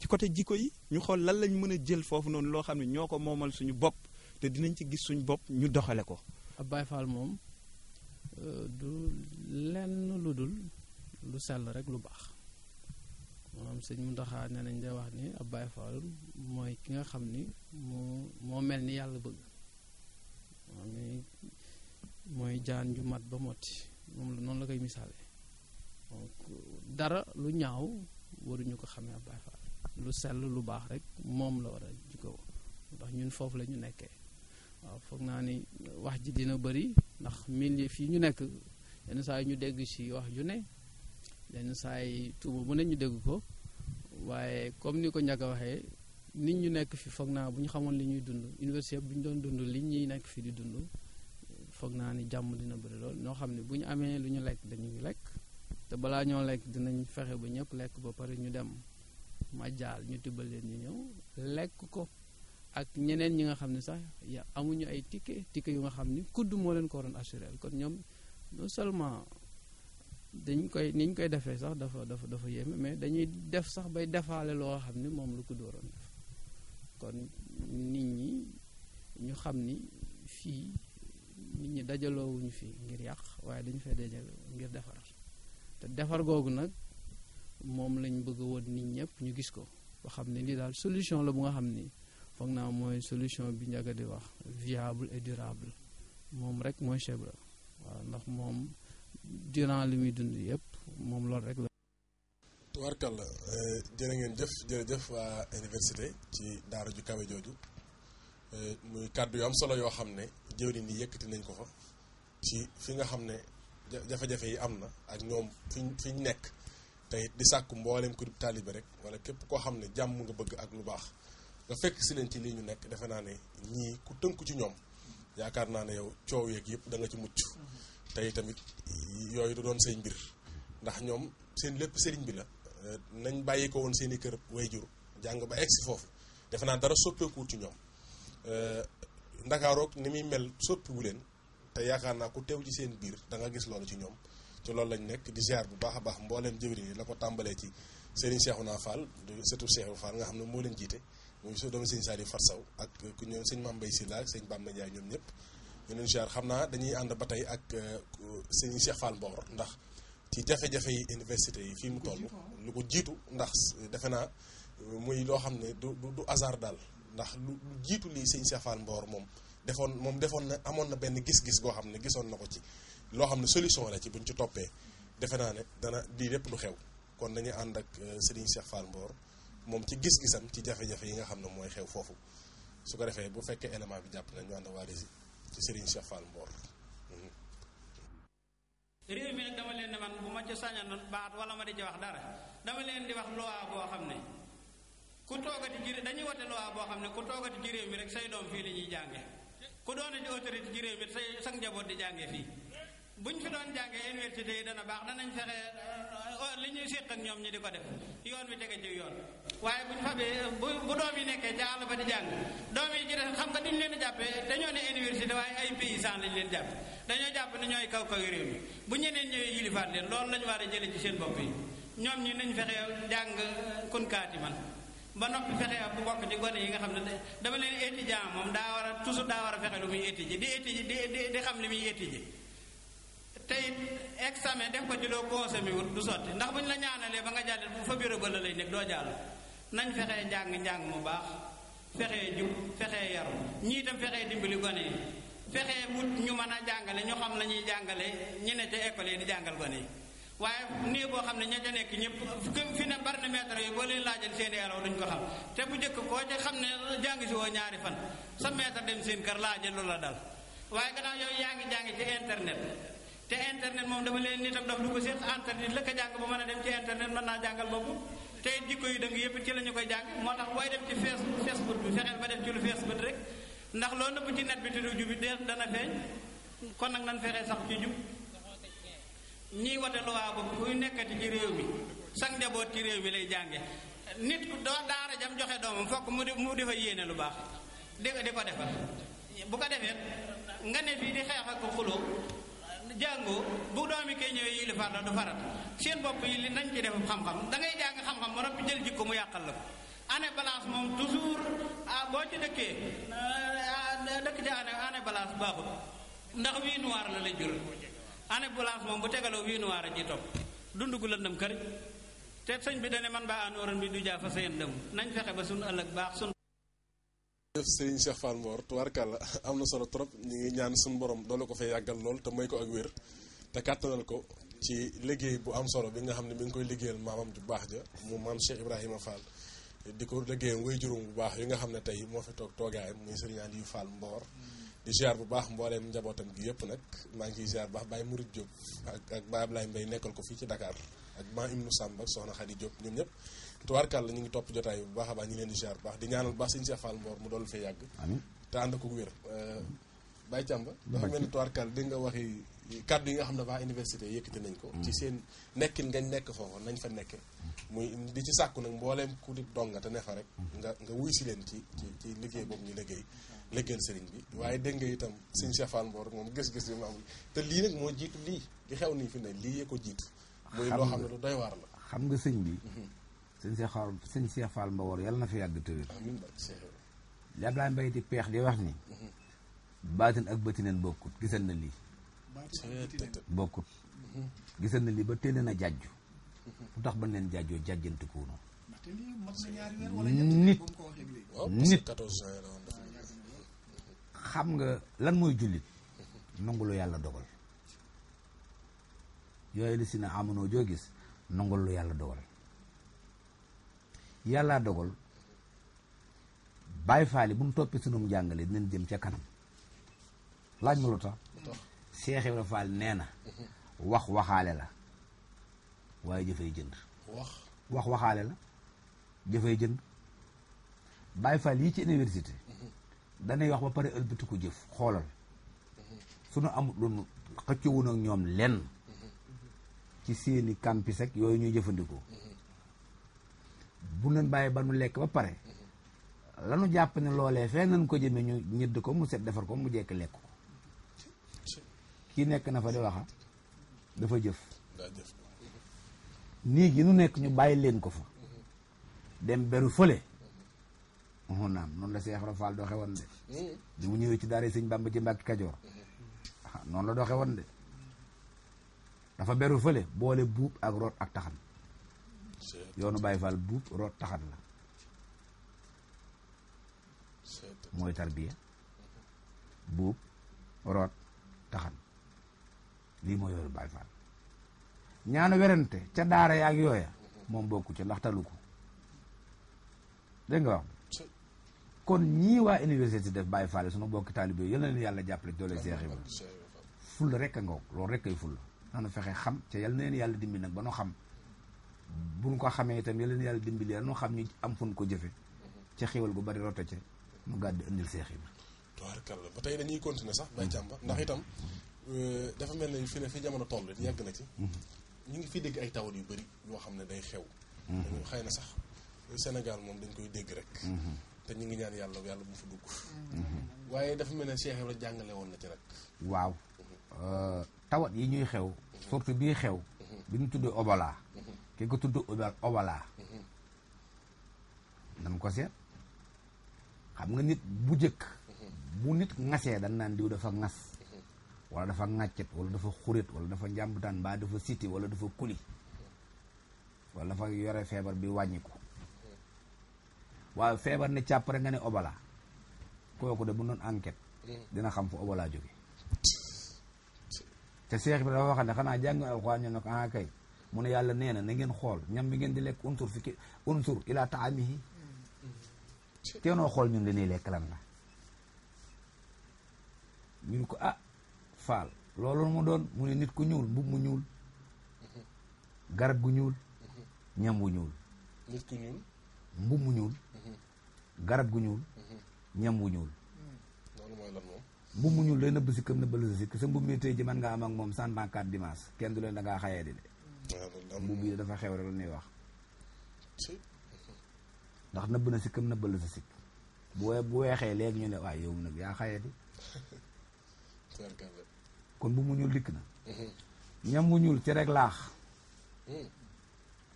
ci côté jikko yi ñu xool lan lañ mën a jël foofu noonu loo xam ne ñoo ko moomal suñu bopp te dinañ ci gis suñu bopp ñu doxale ko. ab Baay Faal moom euh, du lenn lu dul lu sell rek lu baax moom sëñ Mountakha ne nañ day wax ni ab Baay Faal mooy ki nga xam ni moo mel ni yàlla bëgg mooy jaan ju mat ba motti moom noonu la koy misaale dara lu ñaaw waruñu ko xamee ab Baay Faal lu sell lu baax rek moom la war a jukkoo ndax ñun foofu la ñu nekkee waaw foog naa ni wax ji dina bari ndax milieu fii ñu nekk yenn saa yi ñu dégg ci wax ju ne yenn saay yi tuuma bu ne ñu dégg ko waaye comme ni ko njëkk a waxee nit ñu nekk fi foog naa bu ñu xamoon li ñuy dund université bu ñu doon dund li ñuy nekk fi di dund foog naa ni jàmm dina bëri lool ñoo xam ne bu ñu amee lu ñu lekk dañuy lekk te balaa ñoo lekk dinañ fexe ba ñëpp lekk ba pare ñu dem ma jaal ñu tibbal leen ñu ñëw lekk ko ak ñeneen ñi nga xam ne sax ya amuñu ay ticket ticket yu nga xam ni kudd moo leen ko waroon assuré kon ñoom non seulement dañ koy niñ koy defee sax dafa dafa dafa yéeme mais dañuy def sax bay defaale loo xam ni moom lu kudd waroon def kon nit ñi ñu xam ni fii nit ñi dajaloowuñu fii ngir yàq waaye dañ fay dajale ngir defar te defar googu nag moom lañ bëgg a woon nit ñëpp ñu gis ko ba xam ne lii daal solution la bu nga xam ni foog naa mooy solution bi Ndiaga di wax viable et durable moom rek mooy Cheikh Ibra waaw ndax moom durant li muy dund yëpp moom loolu rek la. tubaarkàlla eh, jërë ngeen jëf jërëjëf waa université ci daara ju kawe jooju eh, muy kàddu yu am solo yoo xam ne jëw ni nii yëkkati nañ ko fa ci fi nga xam ne jafe-jafe yi am na ak ñoom fi ñu fi ñu nekk te di sàkk mbooleem ku dib taalibe rek wala képp koo xam ne jàmm nga bëgg ak lu baax nga fekk si leen ci lii ñu nekk defe naa ne ñii ku tënku ci ñoom yaakaar naa ne yow coow yeeg yëpp da nga ci mucc tey tamit yooyu da doon seen mbir ndax ñoom seen lépp sëriñ bi la eh, nañ bàyyi ko woon seen i kër wayjur jàng ba egg si foofu defe naa dara soppeekuwul ci ñoom eh, ndakaaroog ni muy mel soppiwu leen te yaakaar naa ku teew ci seen biir danga gis loolu ci ñoom ci loolu lañ nekk di ziar bu baax a baax mbooleem jëwri la ko tàmbalee ci Serigne Cheikh Cheikhouna Fall surtout Cheikh Fall nga xam ne moo leen jiite muy so doom Serigne Sadi Farsaw ak ku ñëw Serigne Mambay Sila ak Serigne Bamba Ndiaye ñoom ñëpp ñu leen ziar xam naa dañuy ànd ba tey ak euh, Serigne Cheikh Fall Mbor ndax ci jafe-jafe yi université yi fii mu toll lu ko jiitu ndax defe naa euh, muy loo xam ne du du hasard daal ndax lu lu jiitu lii Serigne Cheikh Fall Mbor moom defoon moom defoon na amoon na benn gis-gis goo xam ne gisoon na ko ci loo xam ne solution la ci buñ ci toppee defe naa ne dana lii lépp lu xew kon dañuy ànd ak euh, Serigne Cheikh Fall Mbor moom ci gis-gisam ci jafe-jafe yi nga xam ne mooy xew foofu su ko defee bu fekkee élément bi jàpp na ñu ànd waa si ci Serigne Cheikh Fall Mbor. Mhm. réew mi nag dama leen ne man bu ma ci sañanoon baat wala ma di ci wax dara dama leen di wax loi boo xam ne ku toogati ci dañuy wote loi boo xam ne ku toogati ci réew mi rek say doom fii li ñuy jànge ku ci autorité ci réew mi say sa njaboot di jànge fii bu ñu fi doon jàngee université yi dana baax danañ fexe euh, li ñuy séq ak ñoom ñi di ko def yoon wi tege ci yoon waaye buñ fabee bu bu doom yi nekkee ca àll ba di jàng doom yi ci des xam nga duñ leen a jàppee dañoo ne université waaye ay paysan lañ leen jàpp dañoo jàpp ne ñooy kaw kaw réew mi bu ñeneen ñëwee yilifaat leen loolu lañu war a jële ci seen bopp yi ñoom ñi nañ fexe jàng euh, kunkaati man ba noppi fexe bu bokk ci gone yi nga xam ne dama leen étudiant moom daa war a toujours daa war a fexe lu muy étudier di étudier di di tey examen dem ko ci loo consommé wut du sotti ndax bu ñu la ñaanalee ba nga jàll bu fa bureau ba la lay nekk doo jàll nañ fexee njàng njàng mu baax fexee jub fexee yaru ñii itam fexee dimbali gone yi fexee wut ñu mën a jàngale ñu xam la ñuy jàngale ñi ne ca école yi di jàngal gone yi waaye nii boo xam ne ña ca nekk ñëpp fi ne bari na maître yi boo leen laajal seeni elaw duñ ko xam te bu njëkk koo ca xam ne jàngi si woo ñaari fan sa maître dem seen kër laajal lu la dal waaye gannaaw te internet moom dama leen nit ak dof du ko internet la ka jàng ba mën a dem ci internet mën naa jàngal boobu te jikko yu dëng yëpp ci la ñu koy jàng moo tax booy dem ci facebook facebook bi fexeel ba dem ci lu facebook rek ndax loo nëbb ci net bi te du jubi dana feeñ kon nag nan fexe sax ci jub ñiy wote loi boobu kuy nekkati ci réew mi sag njaboot ci réew mi lay jànge nit ku doo daara jam joxe doomam fokk mu mu difa yéene lu baax di ko defal bu ko defee nga ne fii di xeex ak xuloo jàngoo bu doomi kay ñëwee yi li farata du farat seen bopp yi li nañ ci def xam-xam da ngay jàng xam-xam ba noppi jël jikko mu yàqal la ko année balance moom toujours ah, boo ci dëkkee ah, ah, dëkk ci année année balance baaxut ndax wii noir la lay jural année balance moom bu tegaloo wii noir a ji topp dundu gu lëndëm kër te sëñ bi dane man baa anooran bi du jaa fa sëyan nañ fexe ba sun ëllëg baax sun jërëjëf Serigne Cheikh Fall Mbaor tubaarkàlla am na solo trop ñu ngi ñaan suñu doo la ko fee yàggal lool te may ko ak wér te kàttanal ko ci léggéey bu am solo bi nga xam ne bi nga koy liggéeyal maamam ju baax ja mu maam Cheikh Ibrahima Fall di ko liggéeyam way juróom bu baax yi nga xam ne tey moo fi toog toogaayam muy Serigne Aliou Fall Mbaor di ziar bu baax mbooleem njabootam gi yëpp nag maa ngi ciy ziar bu baax Baye Mouride Diop ak ak Baye Ablaye Mbaye nekkal ko fii ci Dakar ak maa Imnu Samb ak Soxna Khady Diop ñoom ñëpp tubaarkàlla ñu ngi topp jotaay bu baax a baax ñu leen di ziar bu baax di ñaanal baax sëñ Cheikh Fall Mboor mu doon fee yàgg te ànd ko wér euh, Baye Thiamba dafa mel ni tubaarkàlla dégg nga waxi kàddu yi nga xam ne waa université yëkkati nañ ko ci mm. seen nekkin ngañ nekk foofu nañ fa nekke mm. muy di ci sàkku nag mbooleem ku di donga te ne fa rek mm. nga nga wuy si leen ci ci ci liggéey boobu ñu liggéey liggéeyal sëriñ bi waaye dégg itam sëñ Cheikh Fall Mboor moom gis-gis bi ma am te lii nag moo jiitu lii di xew nii fi ne lii yee ko jiit muy loo xam ne lu doy waar la xam nga sëñ bi mm-hmm. sëñ Cheikh Fall sëñ Cheikh Fall Mbawar yàlla na fa yàgg te wér li di peex di wax ni mhm. baatin ak bëtineen bokkut gisal na lii bokkut mhm. gisal na lii ba teel na jàjju mhm. lu tax ba leen jàjjoo ko nit nit xam nga lan dogal li gis dogal yàllaa dogal bàyyi faali bu ñu toppee sunum jàngale dinañ jëm ca kanam laaj ma lu tax Seex Ibra Faal nee na wax waxaale la waaye jëfay jënd wax waxaale la jëfay jënd bàyyi faal yi ci université danay wax ba pare ëlbatiku jëf xoolal suñu amut lu xëccewun ak ñoom lenn ci seeni campus ak yooyu ñuy jëfandikoo bu ñu bàyyi ba nu lekk ba pare la lanu jàpp ne loolee fee nañ ko jëmee ñu ñëdd ko mu set defar ko mu jekk lekk ko kii nekk na fa di waxa dafa jëf nii gi nu nekk ñu bàyyi leen ko fa dem beru fële moo naam noonu la Seex Ibra Faal doxe woon de di mu ñëwee ci daara sëñ Bàmba ci Mbàkke Kajoor noonu la doxe woon de dafa beru fële boole buub ak root ak taxan yoonu Baye Fall buub root taxat la mooy tarbiya buub root taxat lii mooy yoonu Baye Fall ñaanu werante ca daara yaa ngi yooya moom bokku ca ndax ko dégg nga wax kon ñii waa université def Baye Fall sunu bokki taalibe yooyu yal na leen yàlla jàppale doole seexi ba fulla rek a ngoog loolu rek kay fulla nanu fexe xam ca yal na leen yàlla dimbi nag ba nu xam buñ ko xamee itam yal na yàlla dimbali yàlla noo xam ni am fun ko jëfe ci xéwal gu bari roto ca mu gàdd indil seex yi tubaarkàlla ba tey dañuy continuer sax bay càmba mm-hmm. ndax itam euh, dafa mel ne fi ne fi jamono toll yàgg na ci mm-hmm. ñu ngi fi dégg ay tawat yu bëri yoo xam ne day xew mm-hmm. xëy na sax Sénégal moom dañ koy dégg rek te ñu ngi ñaan yàlla yàlla bu mu fa dugg waaye dafa mel ne Cheikh Ibrahima jàngale woon na ci rek waaw euh, tawat yi ñuy xew surtout bii xew bi ñu tuddee Ebola ki ko tudd obala nam ko seet ya. xam nga nit bu jëkk bu nit ngasee dañ naan diw dafa ngas ya, wala dafa ŋàccet wala dafa xurit wala dafa njàmbutaan mbaa dafa siti wala dafa kuli wala dafa yore feebar bi wàññiku waaye feebar ne càpp nga ne obala kooku de bu noon enquête dina xam fu obala jóge te seex bi dafa wax ne xanaa jàng ñu ah kay mu ne yàlla nee na na ngeen xool ñam bi ngeen di lekk untur fi untur ila taamihi teenoo xool ñun li ñuy lekk lan la ñu ko ah faal loolu mu doon mu ne nit ku ñuul mbub mu ñuul garab gu ñuul ñam wu ñuul nit ku mbub mu ñuul garab gu ñuul ñam ñuul loolu mooy lan moom mbub mu day nëbb si këm nëbbal sa sikk sa mbub mi tey ji man nga am ak moom cent vingt dimanche kenn du leen da ngaa xayee di de moom mii dafa xew rek la ñuy wax ndax nëbb na sikkam nëbbal la sa sikk bu we bu weexee léegi ñu ne waaye yow nag yaa xayati kon bu mu ñuul dikk na mm-hmm. ñam wu ñuul ci laax mm.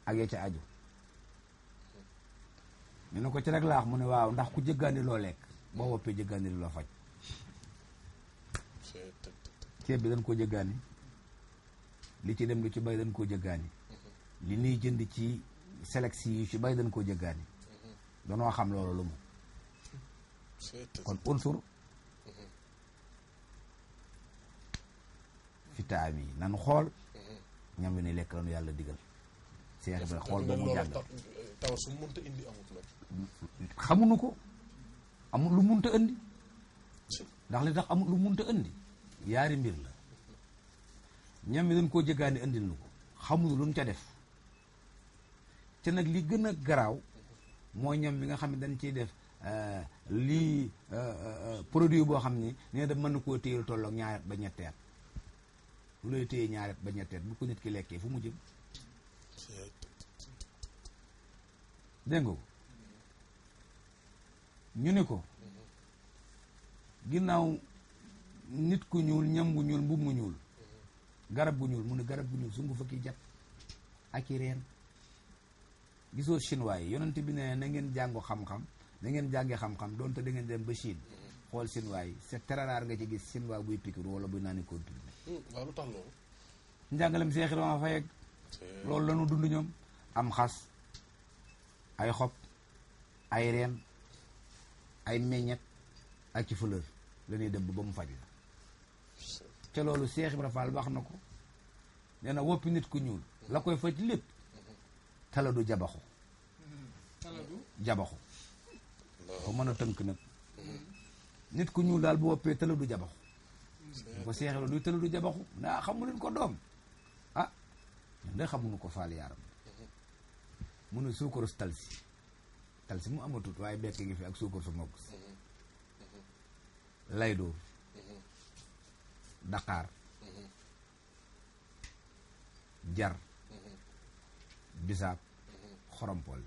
ak ya ca aju ñu ne ko ci rek laax mu ne waaw ndax ku jëggaandi loo lekk boo woppee jëggaandi loo faj ceeb bi dañ koo jëggaandi li ci dem lu ci bay dañ koo jëggaani li ñuy jënd ci sélection yi ci bari dañ koo jëggaani danoo xam loolu lu mu kon unsur fi taam yi nan xool ñam wi ne lekk lanu yàlla digal seex bi xool ba mu jàng taw amut nag xamuñu ko amul lu munta indi ndax li tax amul lu munta indi yaari mbir la ñam yi dañ koo jëggaani indi nu ko xamuñu lu ñu ca def te nag li gën a garaaw moo ñam bi nga xam ne dañ ciy def euh, lii euh, euh, produit boo xam ni nee da mën na koo téye lu tolloog ñaaret ba ñetteet lu lay téye ñaaret ba ñetteet bu ko nit ki lekkee fu mu jëm dégg nga ko ñu ni ko ginnaaw nit ku ñuul ñam gu ñuul mbubb mu ñuul garab bu ñuul mu ne garab bu ñuul sungu fakki jat ak i reen gisoo chinois yi yonent bi ne na ngeen jàngu xam-xam na ngeen jàngee xam-xam donte da ngeen dem ba Chine xool chinois yi c' est très rare nga ci gis chinois buy pikiru wala buy naani comprimé waaw lu tax loolu njàngalem seexi dama fa yegg eh. loolu la nu dund ñoom am xas ay xob ay reen ay meññet ak ci fleur la ñuy dem ba mu faj la ca loolu Cheikh Ibra Fall wax na ko nee na woppi nit ku ñuul la koy faj lépp taladu jabaxu taladu jabaxu ko mën a tënk nag nit ku ñuul daal bu woppee taladu jabaxu ñu ko Cheikh Ibra luy taladu jabaxu naa xamu leen ko doom ah ñun de xamuñu ko faal yaaram mu ne suukarus talsi talsi mu amatut waaye bekk ngi fi ak suukar su mokk si lay dóor daqaar jar bisaab xorompol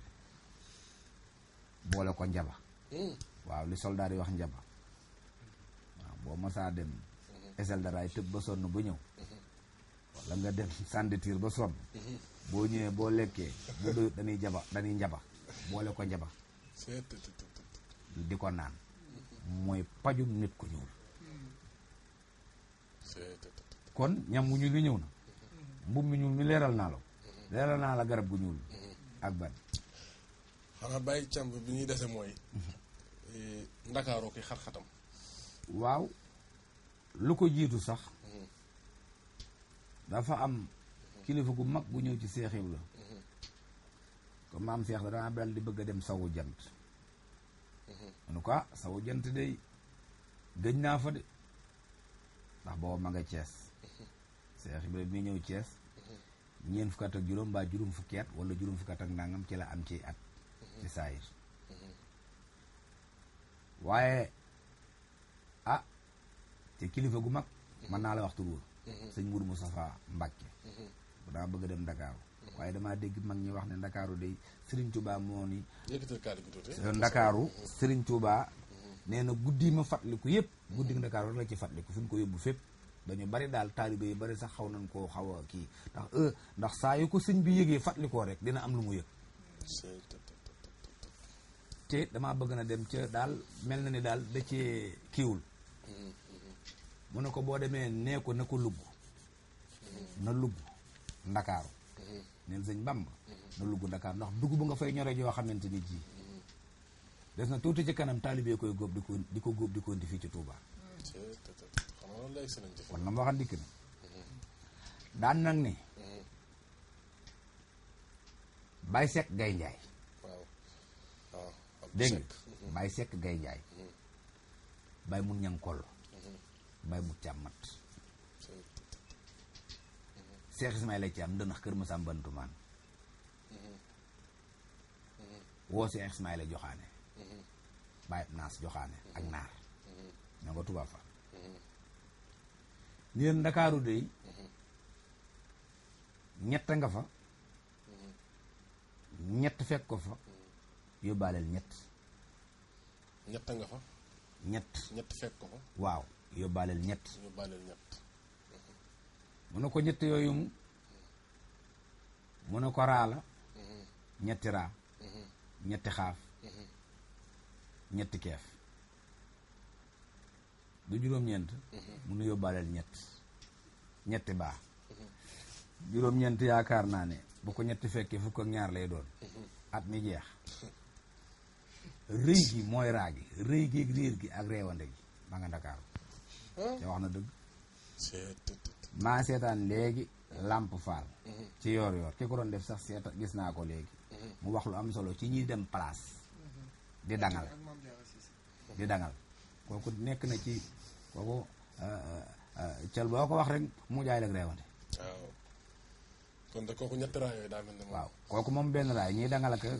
boole ko njaba waaw li soldaar yi wax njaba waaw boo masaa dem esel daraay tëb ba sonn bu ñëw wala nga dem sanditiir ba sonn boo ñëwee boo lekkee bu doy dañuy jaba dañuy njaba boole ko njaba di ko naan mooy pajum nit ku ñuul kon ñam wu ñuul wi ñëw na mbub mi ñuul mi leeral naa la leeral naa la garab gu ñuul ak ban xanaa bàyyi càmb bi ñuy dese mooy e, ndakaaroo ki xat-xatam waaw lu ko jiitu sax dafa am kilifa gu mag gu ñëw ci seexiw la comme maam seex la danaa dal di bëgg a dem sawu jant mhm. en tout cas sawu jant day gëj naa fa de ndax booba ma nga Thiès Cheikh ibrahim mi ñëw Thiès ñeen fukat ak juróom mbaa juróom wala juróom fukat ak nangam ci la am ci at ci saayir waaye ah te kilifa gu mag man naa la waxtu woon sëñ Mourou Moustapha Mbacke ya. bu daa bëgg dem Dakar waaye dama dégg mag ñi wax ne Ndakaaru day Serigne Touba moo ni iya, ya. Ndakaaru Serigne Touba nee na guddi ma fatliku yëpp guddi Dakar rek la ci fàttaliku fu ñu ko yóbbu fépp dañu bari daal taalibe yu bari sax xaw nañ koo xaw kii ndax euh, ndax saa yu ko sëñ bi yëgee fàttalikoo rek dina am lu mu yëg te dama bëgg na dem ca daal mel na ni daal da cee kiiwul mu ne ko boo demee nee ko na ko lugg na lugg ndakaaru mm-hmm. neen sëñ Bamba na lugg ndakaaru ndax dugub nga fay ñore joo xamante ni ji des na tuuti ci kanam talibé koy gop diko diko gop diko góob di ndi fii ci Touba. kon na ma dik na dan nak ni bay sek gay ndjay deng bay sek gay ndjay bay mu ñang kol bay mu chamat Cheikh Ismaïla cham de nak keur ma sàmbantumaan wo Cheikh Ismaïla joxane bàyyi naas joxaane ak naar mm-hmm. ñoo nga tubaab fa ni mm-hmm. leen ndakaaru dey mm-hmm. ñett nga fa ñett fekk ko fa yóbbaaleel ñett ñett nga fa ñett ñett fekk ko fa waaw yóbbaaleel ñett yóbbaaleel ñett ko ñett yooyu mu ne ko raa ñetti raa ñetti xaaf ñetti keef du juróom ñent mhm. mu nu yóbbaaleel ñett ñetti baa juróom ñent yaakaar naa ne bu ko ñetti fekkee fukk ak ñaar lay doon mhm. at mi jeex rëy gi mooy raa gi rëy gi réer gi ak reewande gi ma nga ndakaar hmm? te wax na dëgg maa seetaan léegi lamp faal mhm. ci yor yor ki ko doon def sax seeta gis naa ko léegi mu wax lu am solo ci dem place di dangal di dangal kooku nekk na ci kooku euh, euh, cël boo ko wax rek mu jaay lag reewante waaw kooku ñetti waaw kooku moom benn raay ñiy dangal ak euh,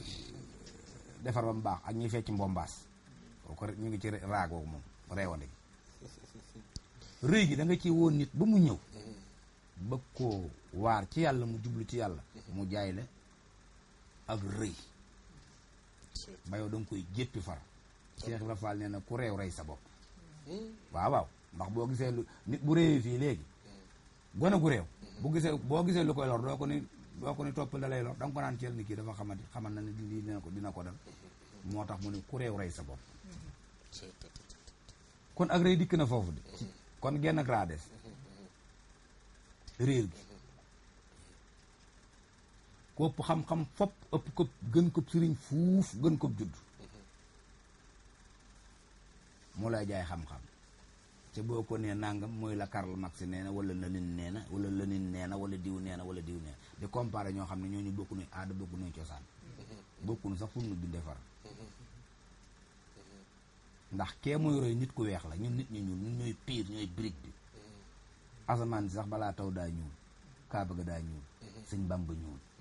defar ba mu baax ak ñiy fecc mbombaas kooku ñu ngi ci raa moom reewante gi rëy gi da nga ci woo nit ba mu ñëw mm-hmm. bëgg koo waar ci yàlla mu jublu ci yàlla mu jaay la ak rëy ba yow da nga koy jéppi far Cheikh Ibra Fall nee na ku réew rey sa bopp waaw waaw ndax boo gisee lu nit bu réewee fii léegi gone gu réew bu gisee boo gisee lu koy lor doo ko ni doo ko ni toppal da lay lor da ko naan teel ni kii dafa xamante xamal na ne lii dina ko dina ko dal moo tax mu ne ku réew rey sa bopp kon ak rey dikk na foofu de kon genn ak réer gi ko ëpp xam-xam fop ëpp ko gën ko sëriñ fuuf gën ko judd mo lay jaay xam-xam te boko ko nangam moy la Karl max nee wala Lenin nee na wala Lenin nee na wala diw nee wala diw nee di comparé ño xamni ne ñu bokku ñu aada bokku ñu ciosan bokku ñu sax fu ñu bindé far ndax ké moy roy nit ku wéx la ñun nit ñi ñuul ñun ñoy pire ñoy brique bi asaman sax bala taw da ñu ka bëgg da ñu sëñ bamba ñu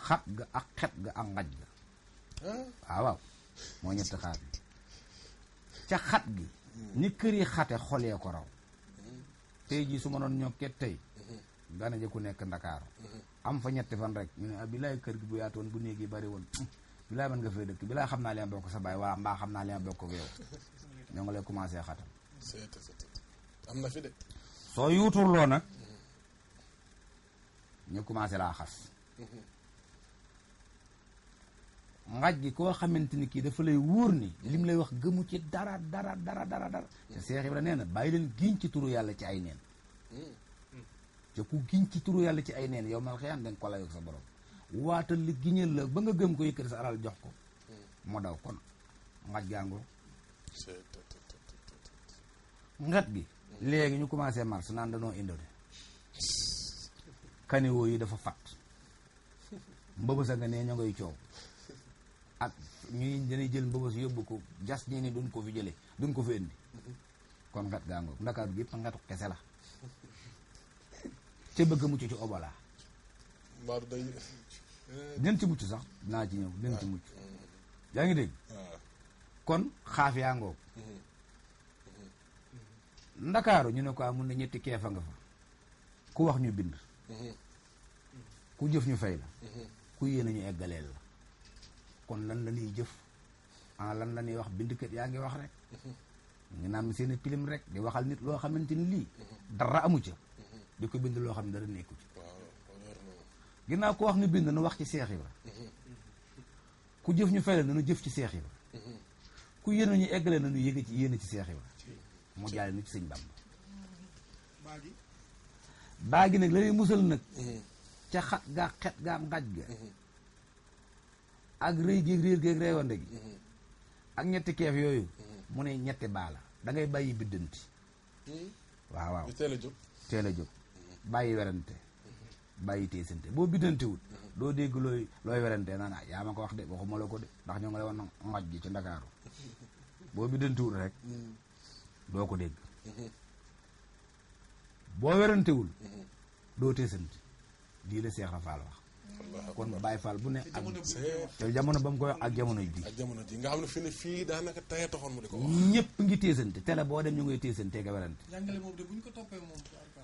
Khat ga akhat ga angaj ga waaw ah, waaw moo ñetti xaat ca xat gi hmm. ni kër yi xate ko raw hmm. tay ji su ma doon tay dana gana ku nekk dakar hmm. am fa ñetti fan rek ñu abilay ah, keur gi bu yaaton bu neegi bari won bilaay man nga fay dekk xamna li am bokk sa bay waa mbaa xamna li am bokk yow ngi lay commencé am na fi de soo lo ñu commencé la ngaj gi koo xamante ni kii dafa lay wóor ni lim lay wax gëmu ci dara dara dara dara dara te Seex Ibra nee na bàyyi leen giñ ci turu yàlla ci ay neen te ku giñ ci turu yàlla ci ay neen yow mal xëyaan da nga ko layoog sa borom waatal li giñal la ba nga gëm ko yëkkati sa alal jox ko mu daw kon ngaj gaangoo ngat gi léegi ñu commencé mars naan danoo indone kaniwoo yi dafa fat mbëbës a nga nee ña ngay coow ak ñuy dañuy jël mbëbës yóbbu ko jas ñi ni duñ ko fi jëlee duñ ko fi indi kon ngat gaa ngoog ndakaaru gi yëpp ngatu kese bëgg mucc ci obalaa dinañ ci mucc sax naa ci ñëw dinañ ci mucc yaa kon xaaf yaa ngoog ndakaaru ñu ne ko ah, mun na ñetti keefa nga fa ku wax ñu bind mhm. ku jëf ñu fay la mhm. ku yéene ñu eggaleel la kon lan la ñuy jëf ah lan la ñuy wax bindkat yaa ngi wax rek ngi naan seen pilim rek di waxal nit loo xamante ni lii dara amu ca di ko bind loo xam ne dara nekku ci ginnaaw ko wax ni bind na wax ci Seex Ibra ku jëf ñu fayal nañu jëf ci Seex Ibra ku yéen ñu eggale nañu yéege ci yéene ci Seex Ibra mu jaale nu ci sëñ Bàmba baa gi nag la ñuy musal nag ca xat gaa xet gaam xaj ga ak rëy gi riir géeg reewande mm-hmm. ak ñetti keef yooyu mm-hmm. mu ne ñetti baala da ngay bàyyi biddanti waawaaw mm-hmm. waaw teel a jóg teel bàyyi werante bàyyi teesante boo biddantiwut doo dégg looy looy werante naan ah ma ko wax de waxuma ko de ndax ñoo ngi lay woon ngoj gi ci ndakaaru boo biddantiwul rek doo ko dégg boo werantewul doo teesante lii Seex Rafaal wax kon Baye Fall bu ne ak te jamono ba mu koy ak ak jamono ji nga xam ne fi ne fii daanaka tey taxoon mu di ko wax ñëpp ngi téesante télé boo dem ñu ngay téesante ga werante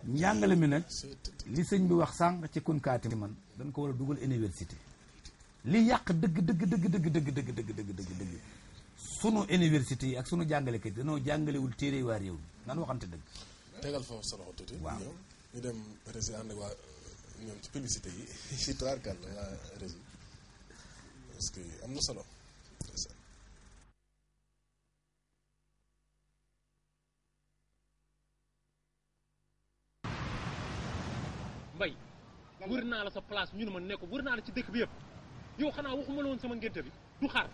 njàngale mi nag li sëñ bi wax sànq ci kunkaati man dañ ko war a dugal université li yàq dëgg dëgg dëgg dëgg dëgg dëgg dëgg dëgg dëgg dëgg sunu université yi ak sunu jàngalekat danoo jàngalewul téere waa réew mi nan waxante dëgg tegal foofu sa loxo tuuti waaw ñu dem ñoom ci publicité yi ci tubaarkàll la waa parce que am na solo mbay wër naa la sa place ñu ne ma nekk wër naa la ci dëkk bi yëpp yow xanaa waxuma la sama ngénte bi du xaar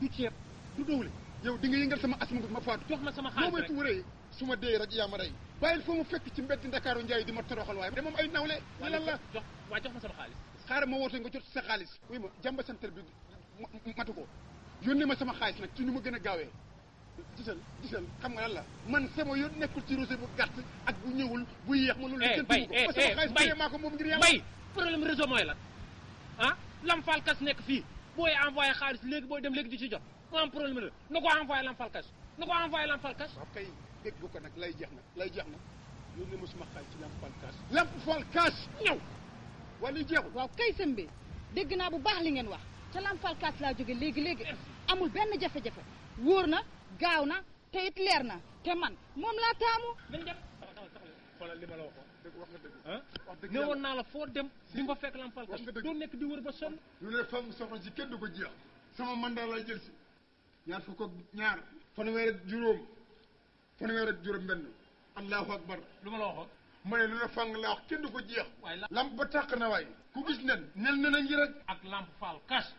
du ceeb du dowle yow di nga yëngal sama asma ma faatu jox ma sama xaalis rek suma ma dee rek yaa ma rey bàyyil fa mu fekk ci mbedd ndakaaru njaay di ma toroxal waaye de moom ay nawle li lan la jox waa jox ma sama xaalis xaaral ma woote nga jot sa xaalis oui ma jàmba santal bi matu ko yónnee ma sama xaalis nag ci nu ma gën a gaawee gisal gisal xam nga lan la man sama yoon nekkul ci réseau bu gàtt ak bu ñëwul bu yéex ma loolu jëntu ko sama xaalis bàyyee maa ko moom ngir yàlla bay problème réseau mooy lan ah lam falkas nekk fii booy envoyé xaalis léegi booy dem léegi di ci jot mu am problème la na ko envoyé lam falkas na ko envoyé lam falkas dégg ko nag lay jeex nag lay jeex nag yónni ma suma xaay ci lamp fal kaas lamp fal kaas ñëw wala jeexul waaw kay sëñ bi dégg naa bu baax li ngeen wax ca lamp fal kaas laa jóge léegi léegi amul benn jafe-jafe wóor na gaaw na te it leer na te man moom laa taamu nañ dem xoolal li ma la waxoon dëgg wax nga ah? naa la foo dem di ma fekk lamp fal doo nekk di wër ba sonn lu ne fam soxla ci kenn du ko jeex sama mandat lay jël si ñaar fukk ak ñaar fanweer juróom fanweer ak juróom benn allahu akbar lu ma la waxoon ma ne lu la fang laax kenn du ko jeex waaye lamp ba tàkk na waaye ku gis nen nel ne nañ ji rek ak lamp faal kas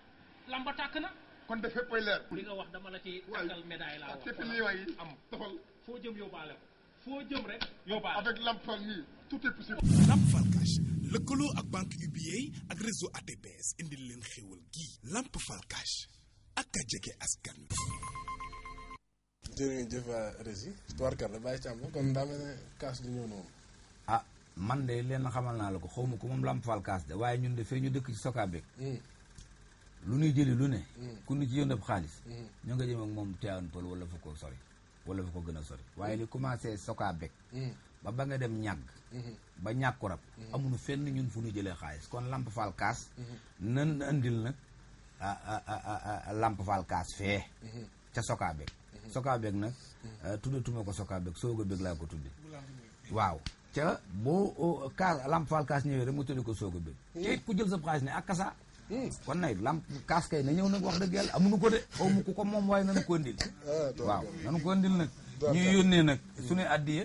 lamp ba tàkk na kon daf fépp ay leer li nga wax dama la ci takkal médaille laa wax te li waay am doxal foo jëm yóbbaale ko foo jëm rek yóbbaale avec lamp faal nii tout est possible lamp faal kas lëkkaloo ak banque UBA ak réseau ATPS indil leen xéwal gii lamp faal kas ak a jege askan jërëjëf Rési tubaarkar la bàyyi càmm kon daa mel ne kaas du ñëw na ah man de leen xamal naa la ko xaw ma ko moom làmp faal kaas de waaye ñun de fee ñu dëkk ci Socabeg hmm. lu nuy jëli lu ne hmm. ku nu ci yónnab xaalis hmm. ñu nga jëm ak moom teewoon pël wala fa ko sori wala fa ko gën a sori waaye li commencé Socabeg ba ba nga dem ñàgg ba ñàkku rab amuñu fenn ñun fu ñu jëlee xaalis kon làmp faal kaas nan andil nag ah, ah, ah, làmp faal kaas fee ca Socabeg Mm-hmm. sokaa beeg nag mm-hmm. uh, tuddatuma ko sokaa beeg sooga beeg laa ko tudde waaw ca boo kaas lamp faal kaas ñëwee rek mu tudde ko sooga beeg te mm. ku jël sa xaalis ak kasa mm. kon nay lamp kaas kay na ñëw nag wax dëgg yàlla amuñu ko de aw mu ko moom waaye nanu ko ndil ah, nag ñu yónnee nag mm. suñu addiye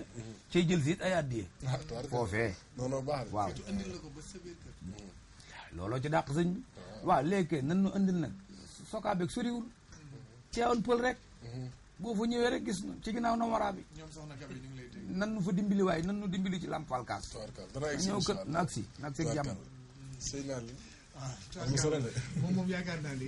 cay jël siit ay addiye ah, foofee waaw looloo ci dàq sëñ bi ah. waaw léegi nan nu andil nag sokaa beeg soriwul ceewoon pël rek boo fa ñëwee rek gis na ci ginnaaw na waraa bi ñoom soxna Gabi ñu ngi lay dégg nan nu fa dimbali waaye nan nu dimbali ci làmpal kaas ñëw kër naag si naag si jàmm sëy naa ah, li moom moom yaakaar naa li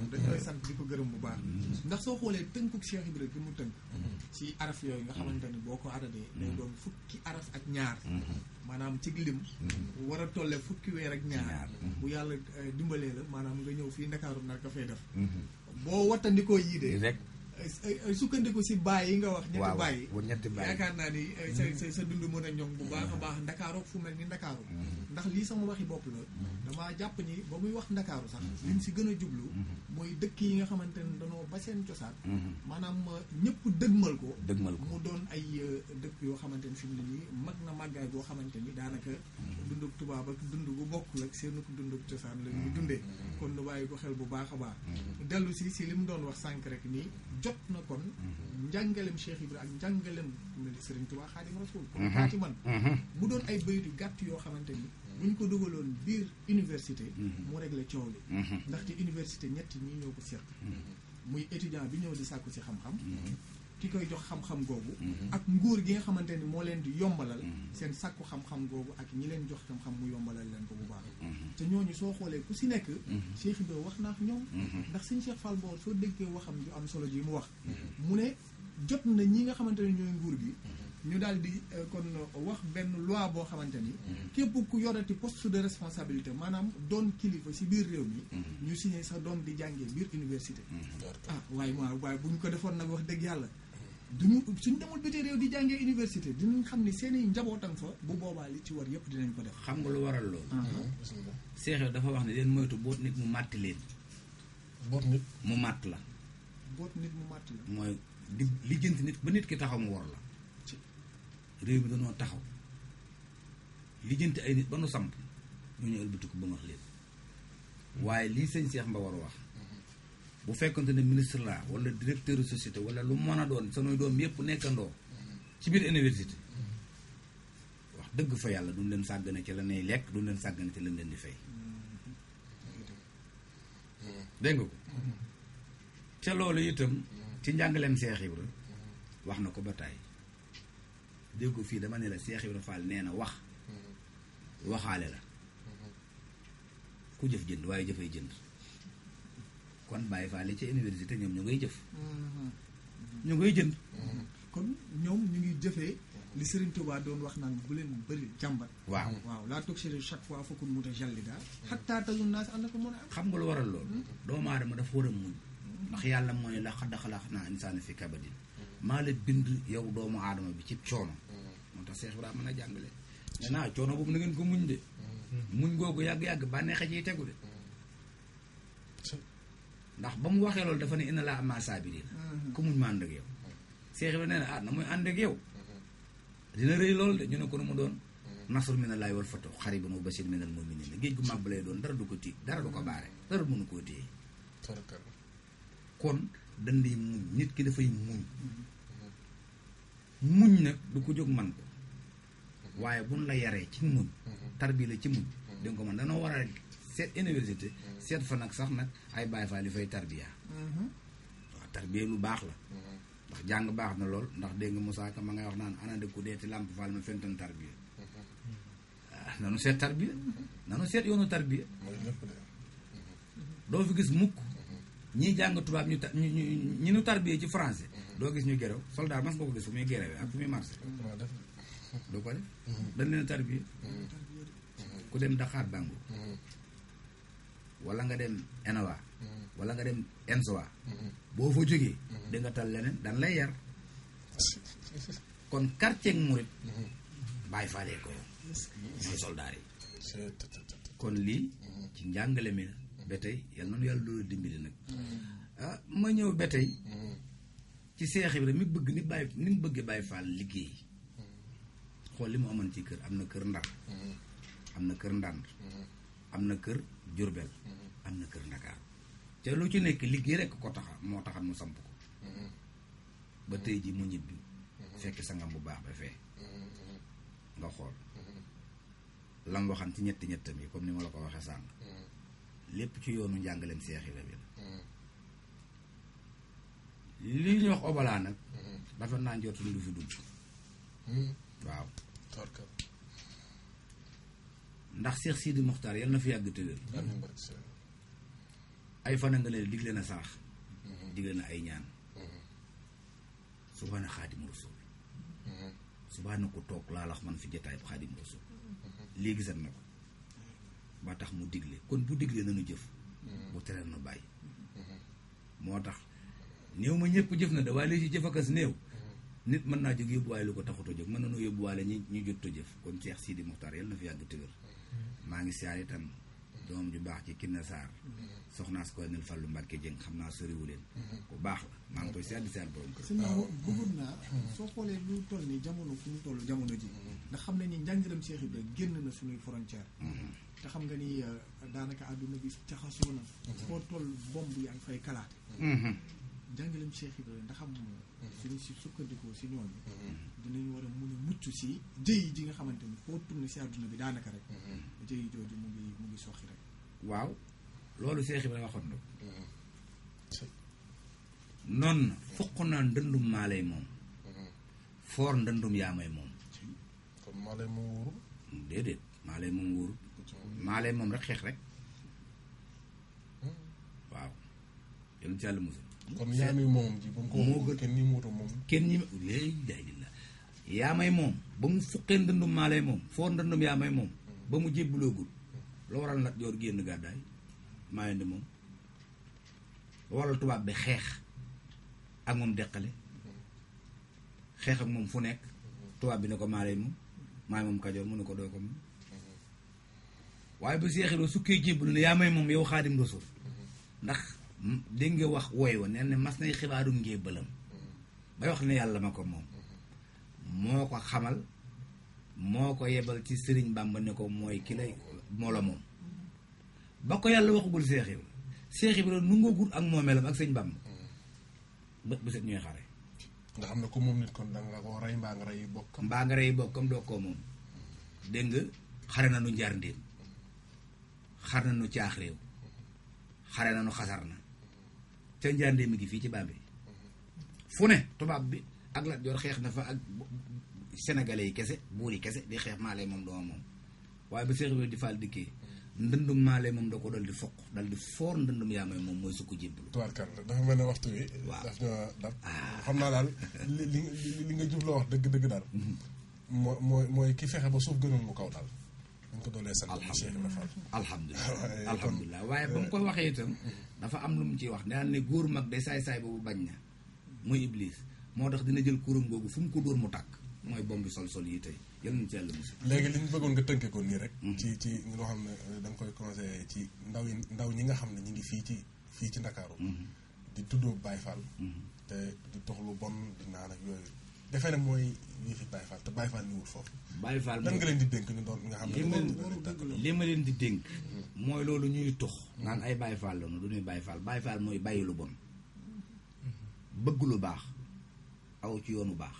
am dañ koy sant di ko gërëm bu baax mm-hmm. ndax soo xoolee tënkuk Cheikh Ibra bi mu tënk mm-hmm. ci araf yooyu nga xamante ni boo ko adadee day mm-hmm. doon fukki araf ak ñaar maanaam ci lim war a tolle fukki weer ak ñaar bu yàlla eh, dimbalee la maanaam nga ñëw fii Ndakaaru nar ka fay def boo wattandikoo yii de sukkandiku si bàyyi yi nga wax. ñetti bàyyi ñetti bàyyi yaakaar naa ni eh, sa mm-hmm. sa sa dund mën a ñoŋ bu baax a mm-hmm. baax ndakaarook fu mel ni ndakaaru mm-hmm. ndax lii sama waxi bopp la damaa jàpp ni ba muy wax ndakaaru sax liñ si gën a jublu mooy dëkk yi nga xamante ne danoo ba seen cosaan maanaam ñëpp dëgmal ko dëgmal ko mu doon ay eh, dëkk yoo xamante ne fi mu ne nii mag na màggaay boo xamante ni daanaka dundug tubaab ak dund bu bokkul ak seen dundug cosaan la ñu dundee kon nu bàyyi ko xel bu a baax dellu si si li mu doon wax sànk rek nii jot na kon mhm. njàngalem Cheikh Ibra ak njàngalem Serigne Touba Xaadim Rasul daa mhm. ci man mu mhm. doon ay bayit yu gàtt yoo xamante ni buñ ko dugaloon biir université mu réglé coow li ndaxte université ñett ñii ñoo ko seq muy étudiant bi ñëw di sàkku si xam-xam ki koy jox xam-xam googu mhm. ak nguur gi nga xamante ni moo leen di yombalal mhm. seen sàkku xam-xam googu ak ñi leen jox xam-xam mu yombalal leen ko bu baax mhm. te ñooñu soo xoolee ku si nekk Cheikh Ibrahima wax naa ak ñoom ndax suñ Cheikh Fall Mbaor soo déggee waxam ju solo ji mu wax mu ne jot na ñi nga xamante ne ñooy nguur gi ñu daal di euh, kon euh, wax benn loi boo xamante ni képp ku yorati poste de responsabilité maanaam doon kilifa si biir réew mi ñu si signé sa doom di jàngee biir université ah waaye waaw waaye bu ñu ko defoon nag wax dëgg yàlla du duñu suñ demul biti réew di jàngee université dinañ xam ni seeni i njabootam fa bu boobaa li ci war yëpp dinañ ko def xam nga lu waral loolu seex ah. dafa wax ne leen moytu boot nit mu màtt leen boot nit mu màtt la boot nit mu màtt la mooy di lijjanti nit ba nit ki taxaw mu war la réew bi danoo taxaw lijjanti ay nit ba nu samp ñu ñu ëlbatiku ba mu wax leen hmm. waaye lii sëñ Seex Mba war wax bu fekkante ne ministre la wala directeur de société wala lu mën a doon sanuy doom yëpp nekkandoo ci biir université wax dëgg fa yàlla duñ leen sàggane ci la nay lekk duñ leen sàggane ci lañ leen di fay dégg nga ko ca loolu itam ci njàngaleem Seex Ibra wax na ko ba tàyyi dégg fii dama ne la Seex Ibra Faal nee na wax waxaale la ku jëf jënd waaye jëfay jënd kon Baye Fall ci université ñoom ñu ngay jëf mm-hmm. Mm-hmm. ñu ngay jënd mm-hmm. kon ñoom ñu ngi jëfee li Serigne Touba doon wax naan bu leen ba jàmbat waaw waaw laa toog chez chaque fois foofu mu ta jalli daal xattaa tayun naa si ànd ko mën a xam nga lu waral loolu doomu aadama a muñ ndax yàlla mooy la xadd fi kabadin maa la bind yow doomu bi ci coono moo tax Cheikh Ibrahima mën a jàngale nee naa coono boobu na ngeen ko muñ de muñ googu yàgg-yàgg bànneexe ciy tegu de ndax ba mu waxee loolu dafa ne inna la ma sabirin mm-hmm. ku muñ ma ànd ak yow cheikh bi nee na ah na muy ànd ak yow mm-hmm. dina rëy loolu de ñu ne ko nu mu doon mm-hmm. nasr min allahi wal fatu xaribun wa basir min al muminin geej gu mag lay doon dara du ko tiit dara du ko baare dara mënu koo téye kon dandi lay muñ nit ki dafay muñ muñ nag du ko jóg man ko waaye buñ la yaree ci muñ tarbi la ci muñ ko man danoo war a set université set fa nak sax nak ay bay fa li fay tarbiya mhm. waaw tarbiya lu bax la mhm. ndax jang bax na lol ndax deng musa Ka ma ngay wax nan ana de ku deti lamp faal ma fentoon tarbiya mhm. ah, nanu set tarbiya nanu set yoonu tarbiya do fi gis mukk ñi jang tubaab ñu ñi ñu tarbiya ci français do gis ñu gerew soldat mas nga ko gis fu muy gerewee ak fu muy marché do ko def dañ leen tarbiya ku dem Dakar bangu wala nga dem enawa mm-hmm. wala nga dem ensowa mm-hmm. bo fo jógee mm-hmm. de nga tal lenen dan lay yar kon quartier mourid bay faalee ko mooy kon li ci njàngale mi ba tey yal nanu yàlla loolu dimbali nag ah, ma ñew ba ci cheikh ibrahim mi bëgg ni bay ni bëgg bay fal faal liggéey li mu amon ci kër am kër ndax am kër am kër jurbel am na kër ndakaar te lu ci nekk liggéey rek ko taxa moo taxan mu samp ko ba tey ji mu ñibbi fekk sangam bu baax ba fee nga xool nga waxan ci ñetti ñettam yi comme ni ma la ko waxe sànq lépp ci yoonu njàngaleem yi la bi li ñu wax obala nag dafa naa njortu lu fi dugg hmm. waaw ndax cheikh sidi mukhtar yalla na fi yàgg tëwér ay fana nga leen digle na sax mhm. digle na ay ñaan mhm. subhana khadim rasul mhm. subhana ko tok la lax man fi jataay khadim rasul legi sat nako ba tax mu digle kon bu digle nañu jëf bu na bay motax new ma ñepp jëf na da waaye li ci jëf akas néew nit mën jëg yobu way lu ko taxut a jóg mën nanoo yóbbuwaale ñi ñu jot jëf kon cheikh sidi mukhtar yalla na fi maa ngi siyaar itam doom ju baax ci Kiné Sarr mm-hmm. soxnaa si ko nel lu mbarke Dieng xam naa soriwu leen mm-hmm. ku baax la maa ngi koy siyaar di siyaar borom kër ah. bëggoon naa mm-hmm. soo xoolee lu toll ni jamono fu mu toll jamono ji ndax xam na ni njàngiram Cheikh Ibra génn na suñuy frontière te xam nga ni euh, daanaka àdduna bi jaxasoo na foo toll bomb yaa ngi fay kalaate jàngaleem Cheikh Ibrahima ndax am suñu si sukkandikoo si ñooñu dinañu war a mun mucc si jëy ji nga xamante ni foo tourné si àdduna bi daanaka rek jëy jooju mu ngi mu ngi rek waaw loolu Cheikh Ibrahima waxoon na ko noonu na foq naa ndëndum maa moom foor ndëndum yaa may moom kon moom wóorul rek xeex rek hmm. waaw yéen ci yàlla kon yaa may moom ji ba mu ko moo kenn ñi muuta moom kenn ñi léegi jaay di la yaa may moom ba mu fuqee ndëndum maa lay moom foo ndëndum yaa may moom ba mu jébbuloogul la waral nag yoor génn gàddaay maa leen di moom waral tubaab bi xeex ak moom deqale xeex ak moom fu nekk tubaab bi ne ko maa lay moom maay moom kajoor mu ne ko doo ko moom waaye ba seexiroo sukkee jébbulu ne yaa may moom yow xaadim rasul ndax dinge nga wax woyo nee na mas nay xibaaru njébbalam bay wax ne yàlla ma ko moom moo ko xamal moo ko yebal ci sëriñ bàmba ne ko mooy ki lay moo la moom ba ko yàlla waxagul seex yi seex yi nu nga gudd ak moomeelam ak sëñ bàmba ba bu set ñuy xare nga xam ne ko moom nit kon da nga ko rey mbaa nga rey bokkam mbaa nga rey bokkam doo ko moom dégg nga na nu ndéem xar na nu caax réew xare na nu xasar na ca njaandee mi ngi fii ci Bambey fu ne tubaab bi ak Lat Joor xeex na fa ak sénégalais yi kese buur yi kese di xeex maale moom dooma moom waaye ba Seex Ibra di Faal dikkee ndëndum maale moom da ko dal di foq dal di foor ndëndum yaa may moom mooy sukk jébbalu tubaarkalla dafa mel ne waxtu wi waaw daf ñoo dab ah. xam naa daal li li nga jubloo wax dëgg dëgg daal mm-hmm. moo mooy mooy ki fexe ba suuf gënal mu kaw daal mu ko doonee sant Cheikh Ibra Fall alhamdulilah alhamdulilah waaye ba mu koy waxee itam dafa am lu mu ciy wax daan ne góor mag de saay-saay boobu bañ na mooy Iblis moo tax dina jël kuram googu fu mu ko dóor mu tàkk mooy bomb bi sol-sol yi tey yal nañu ci yàlla mos léegi li ñu bëggoon nga tënkee ko nii rek mm-hmm. ci ci loo xam ne euh, da koy conseillé ci ndaw yi ndaw ñi nga xam ne ñi ngi fii ci fii ci Ndakaaru mm-hmm. di tuddoo Baye Fall mm-hmm. te di tox lu bon di naan yooyu defe ne mooy ñi fi Baye Fall te Baye Fall ñëwul foofu. Baye Fall lan nga leen di dénk xam ne li ma leen di dénk. Hmm. mooy loolu ñuy tux hmm. naan ay Baye Fall lañu du ñuy mooy bàyyi lu bon. Hmm. bëgg lu baax aw ci yoonu baax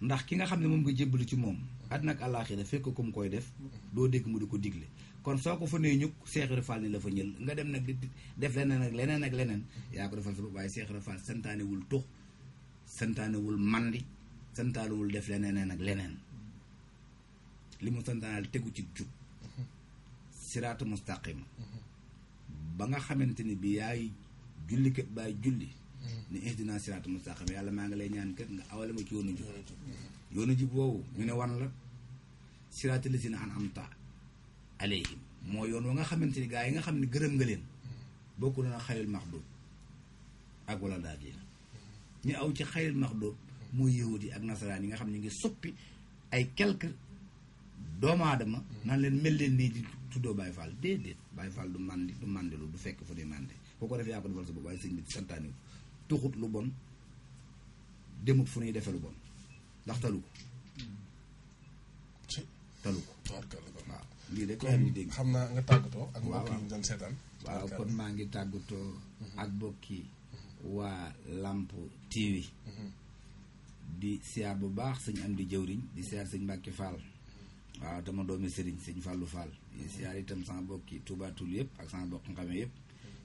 ndax ki nga xam ne moom nga jébbalu ci moom. àddina ak àllaaxira fekk ko mu koy def doo dégg mu di ko digle kon soo ko fa nee ñu Cheikh Ibra ni la fa ñël nga dem nag di def leneen ak leneen ak leneen yaa ko defal sa bopp waaye Cheikh Ibra Fall tux santaanewul mandi santaanewul def leneen ak leneen li mu santaanal tegu ci jub siraatu mustaqim ba nga xamante ni bi yaay julli kat baay julli ni ihdina siraatu mustaqim yàlla maa ngi lay ñaan kat nga awale ma ci yoonu jub yoonu jub woowu ñu ne wan la siraatu lisina an amta alayhim moo yoon wa nga xamante ni gaa yi nga xam ne gërëm nga leen bokku loona xayul maxdub ak wala daal ñu aw ci xayril maxdóob mooy yahud yi ak nasaraan yi nga xam ne ñu ngi soppi ay quelque doomu aadama naan leen mel leen nii di tuddoo Baye Fall déedéet Baye Fall du mandi du mandilu du fekk fu dee mande boo ko defee yaa ko defal sa bopp waaye sëñ santaani ko tuxut lu bon demut fu nuy defe lu bon ndax talu ko talu ko waaw lii rek yaa ngi dégg xam naa nga tàggatoo ak mbokk yi ñu maa ngi tàggatoo ak mbokk wa lampu tv mm-hmm. di siar bu baax sëñ am di jeuwriñ di siar sëñ mbacke fall mm-hmm. wa dama domi sëriñ sëñ fallu fall mm-hmm. di siar itam sama bokki tul yep ak sama bokk ngame yep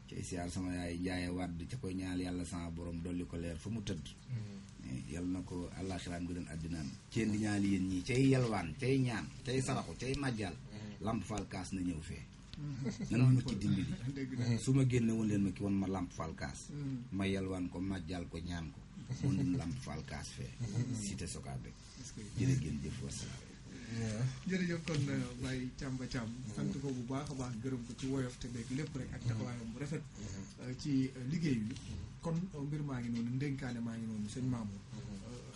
ci siar sama yaay jaaye wad ci koy ñaal yalla sama borom doli ko leer fu mu tëdd eh, yal na ko àllaaxiraam gënal àddinaam ceen di ñaal yeen ñi ci yelwaan ci ñaan ci saraxu ci majjal lamp fall kaas na ñew fee nan ma ci dimbali su ma génne woon leen ma ki woon ma làmp falkaas mm-hmm. ma yalwaan ko màjjal ko ñaan ko moom dum làmp falkaas fee mm-hmm. cité Socabé jërë géen jëf wasalaam jërëjëf kon uh, Baye Thiamba Thiam mm-hmm. sant ko bu baax a baax gërëm ko ci woyof te beeg lépp rek ak taxawaayam bu rafet uh, ci uh, liggéey bi kon mbir maa ngi noonu ndénkaane maa ngi noonu seen maamu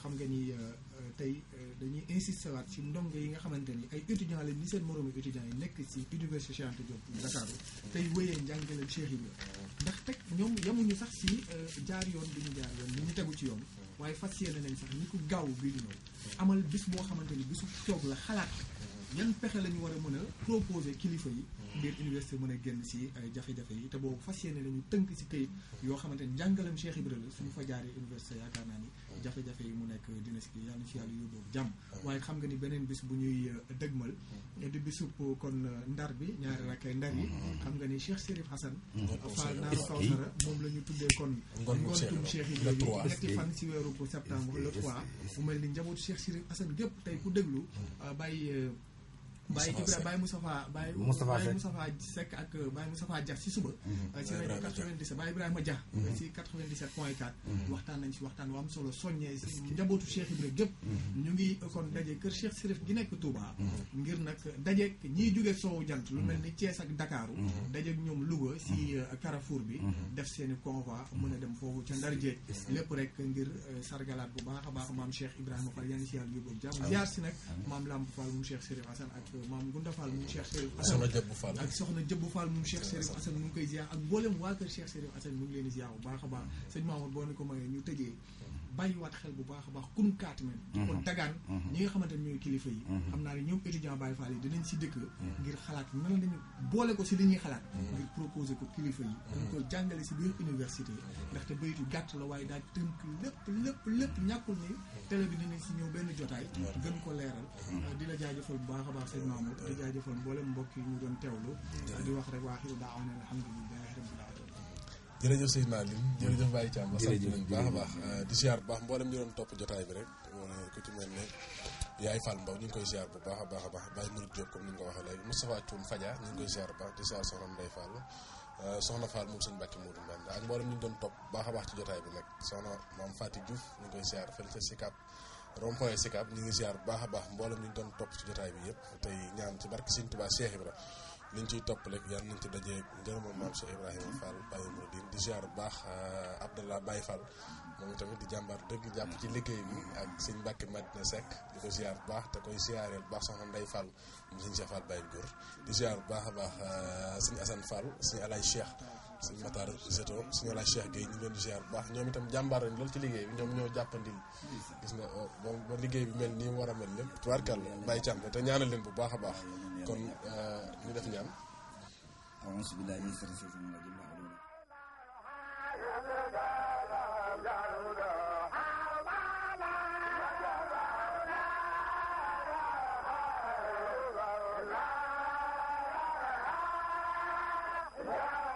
xam nga ni tey euh, dañuy insister waat ci ndongo yi nga xamante ni ay étudiants la ni seen moroomi étudiants yi nekk ci université Cheikh Anta Diop bu Dakar tey wéyee njàngale Cheikh Ibra ndax teg ñoom yemuñu sax ci euh, jaar yoon bi ñu jaar yoon bi ñu tegu ci yoon waaye fas yéene nañ sax ni ku gaaw bi ñu ñëw amal bis boo xamante ni bisu toog la xalaat yan pexe la ñu war a mën a proposer kilifa yi biir université mën a génn si ay jafe-jafe yi te boobu fas yéene lañu tënk si këyit yoo xamante ni njàngalam Cheikh Ibra la suñu fa jaaree université yaakaar naa ni jafe-jafe yi mu nekk dina si yàlla ci yàlla yóbboo jàmm waaye xam nga ni beneen bis bu ñuy euh, dëgmal di bisub euh, kon euh, ndar bi ñaari rakkay ndar yi xam nga ni Cheikh Serif Hassan Fall naaru Kawsara moom la ñu tuddee kon ngontum Cheikh Ibra yi ñetti fan si weeru septembre le 3 mu mel ni njabootu Cheikh Serif Hassan gépp tey ku déglu bàyyi Baye Ibra Baye Moustapha Baye Moustapha Seck ak euh, Baye Moustapha Dia ci suba mm-hmm. euh, ci rajo 97 Baye Ibrahima Dia mm-hmm. euh, ci 97 point 4 mm-hmm. waxtaan nañ ci waxtaan wa am solo soññee njabootu Cheikh Ibra gépp ñu ngi kon daje kër Cheikh Sirif gi nekk Touba ngir nag dajeek ñiy jóge soowu jant lu mel ni Thiès ak Dakaaru dajeek ñoom Louga ci Carrefour bi def seeni convoi mën a dem foofu ca Ndar Géej lépp rek ngir sargalaat bu baax a baax maam Cheikh Ibrahima Fall yaan si yàlla yóbbu jàmm ziar si nag maam Lamp Fall mu Cheikh maam Gunda Fall moom Cheikh Serif Assane ak soxna Jëbbu Fall moom Cheikh Serif Assane mu ngi koy ziar ak mboolem waa kër Cheikh Serif Assane mu ngi leen di ziar bu baax a baax sëñ Mamour boo ne ko mayee ñu tëjee bàyyiwaat xel bu baax a baax kun kaati men mhm. kon dagaan mhm. ñi nga xamante ne ñooy kilifa yi mhm. xam naa ne ñoom étudiant Baye Fall yi dinañ si dëkk ngir xalaat nan lañu boole ko si li ñuy xalaat ngir proposer ko kilifa yi dañ ko jàngale si biir université ndaxte bayitu gàtt la waaye daal tënk lépp lépp lépp ñàkkul ni télé bi dinañ si ñëw benn jotaay gën ko leeral di la jaajëfal bu baax a baax seen maamu di jaajëfal mboolem mbokk yi ñu doon teewlu di wax rek waa xiw daa am ne alhamdulilah jërëjëf Seydina Alioune jërëjëf Baye Thiam baax a baax euh, di ziar bu baax mboolem ñu doon topp jotaay bi rek ku ci ñu ngi koy ziar bu baax a baax a baax Baye Mouride Diop comme ni nga ko waxee léegi Moustapha Thioum Fadia ñu ngi koy ziar bu baax di ziar soxna Ndeye Fall euh, soxna Fall a baax ci jotaay bi nag soxna maam Fatou Diouf ñu koy ziar fële ca Sikap rond-point Sikap ñu ngi ziar bu baax a baax mboolem ñu doon topp ci jotaay bi yëpp tey ñaan ci barke Sëñ Tuubaa Cheikh Ibra liñ ciy topp rek yàlla nañ ci dajee ngërëmam maam Cheikh Ibrahima Fall Baye Mouridine di ziar bu baax euh, Abdallah Baye Fall moom tamit di jàmbaar dëgg jàpp ci liggéey bi ak sëñ Mbàkke Madina Seck di ko ziar bu baax te koy ziareel bu baax soxna Ndey Fall mu sëñ Cheikh Fall Baye Góor di ziar bu baax a baax euh, sëñ Assane Fall sëñ Alay Cheikh sëñ Matar Zeto suñu laaj ñu leen di bu baax ñoom itam jàmbaar lañ loolu ci liggéey bi ñoom ñoo jàppandil gis nga euh, ba ba liggéey bi mel nii war a mel lépp tubaarkàll bàyyi càmm te ñaanal bu baax a baax kon euh, def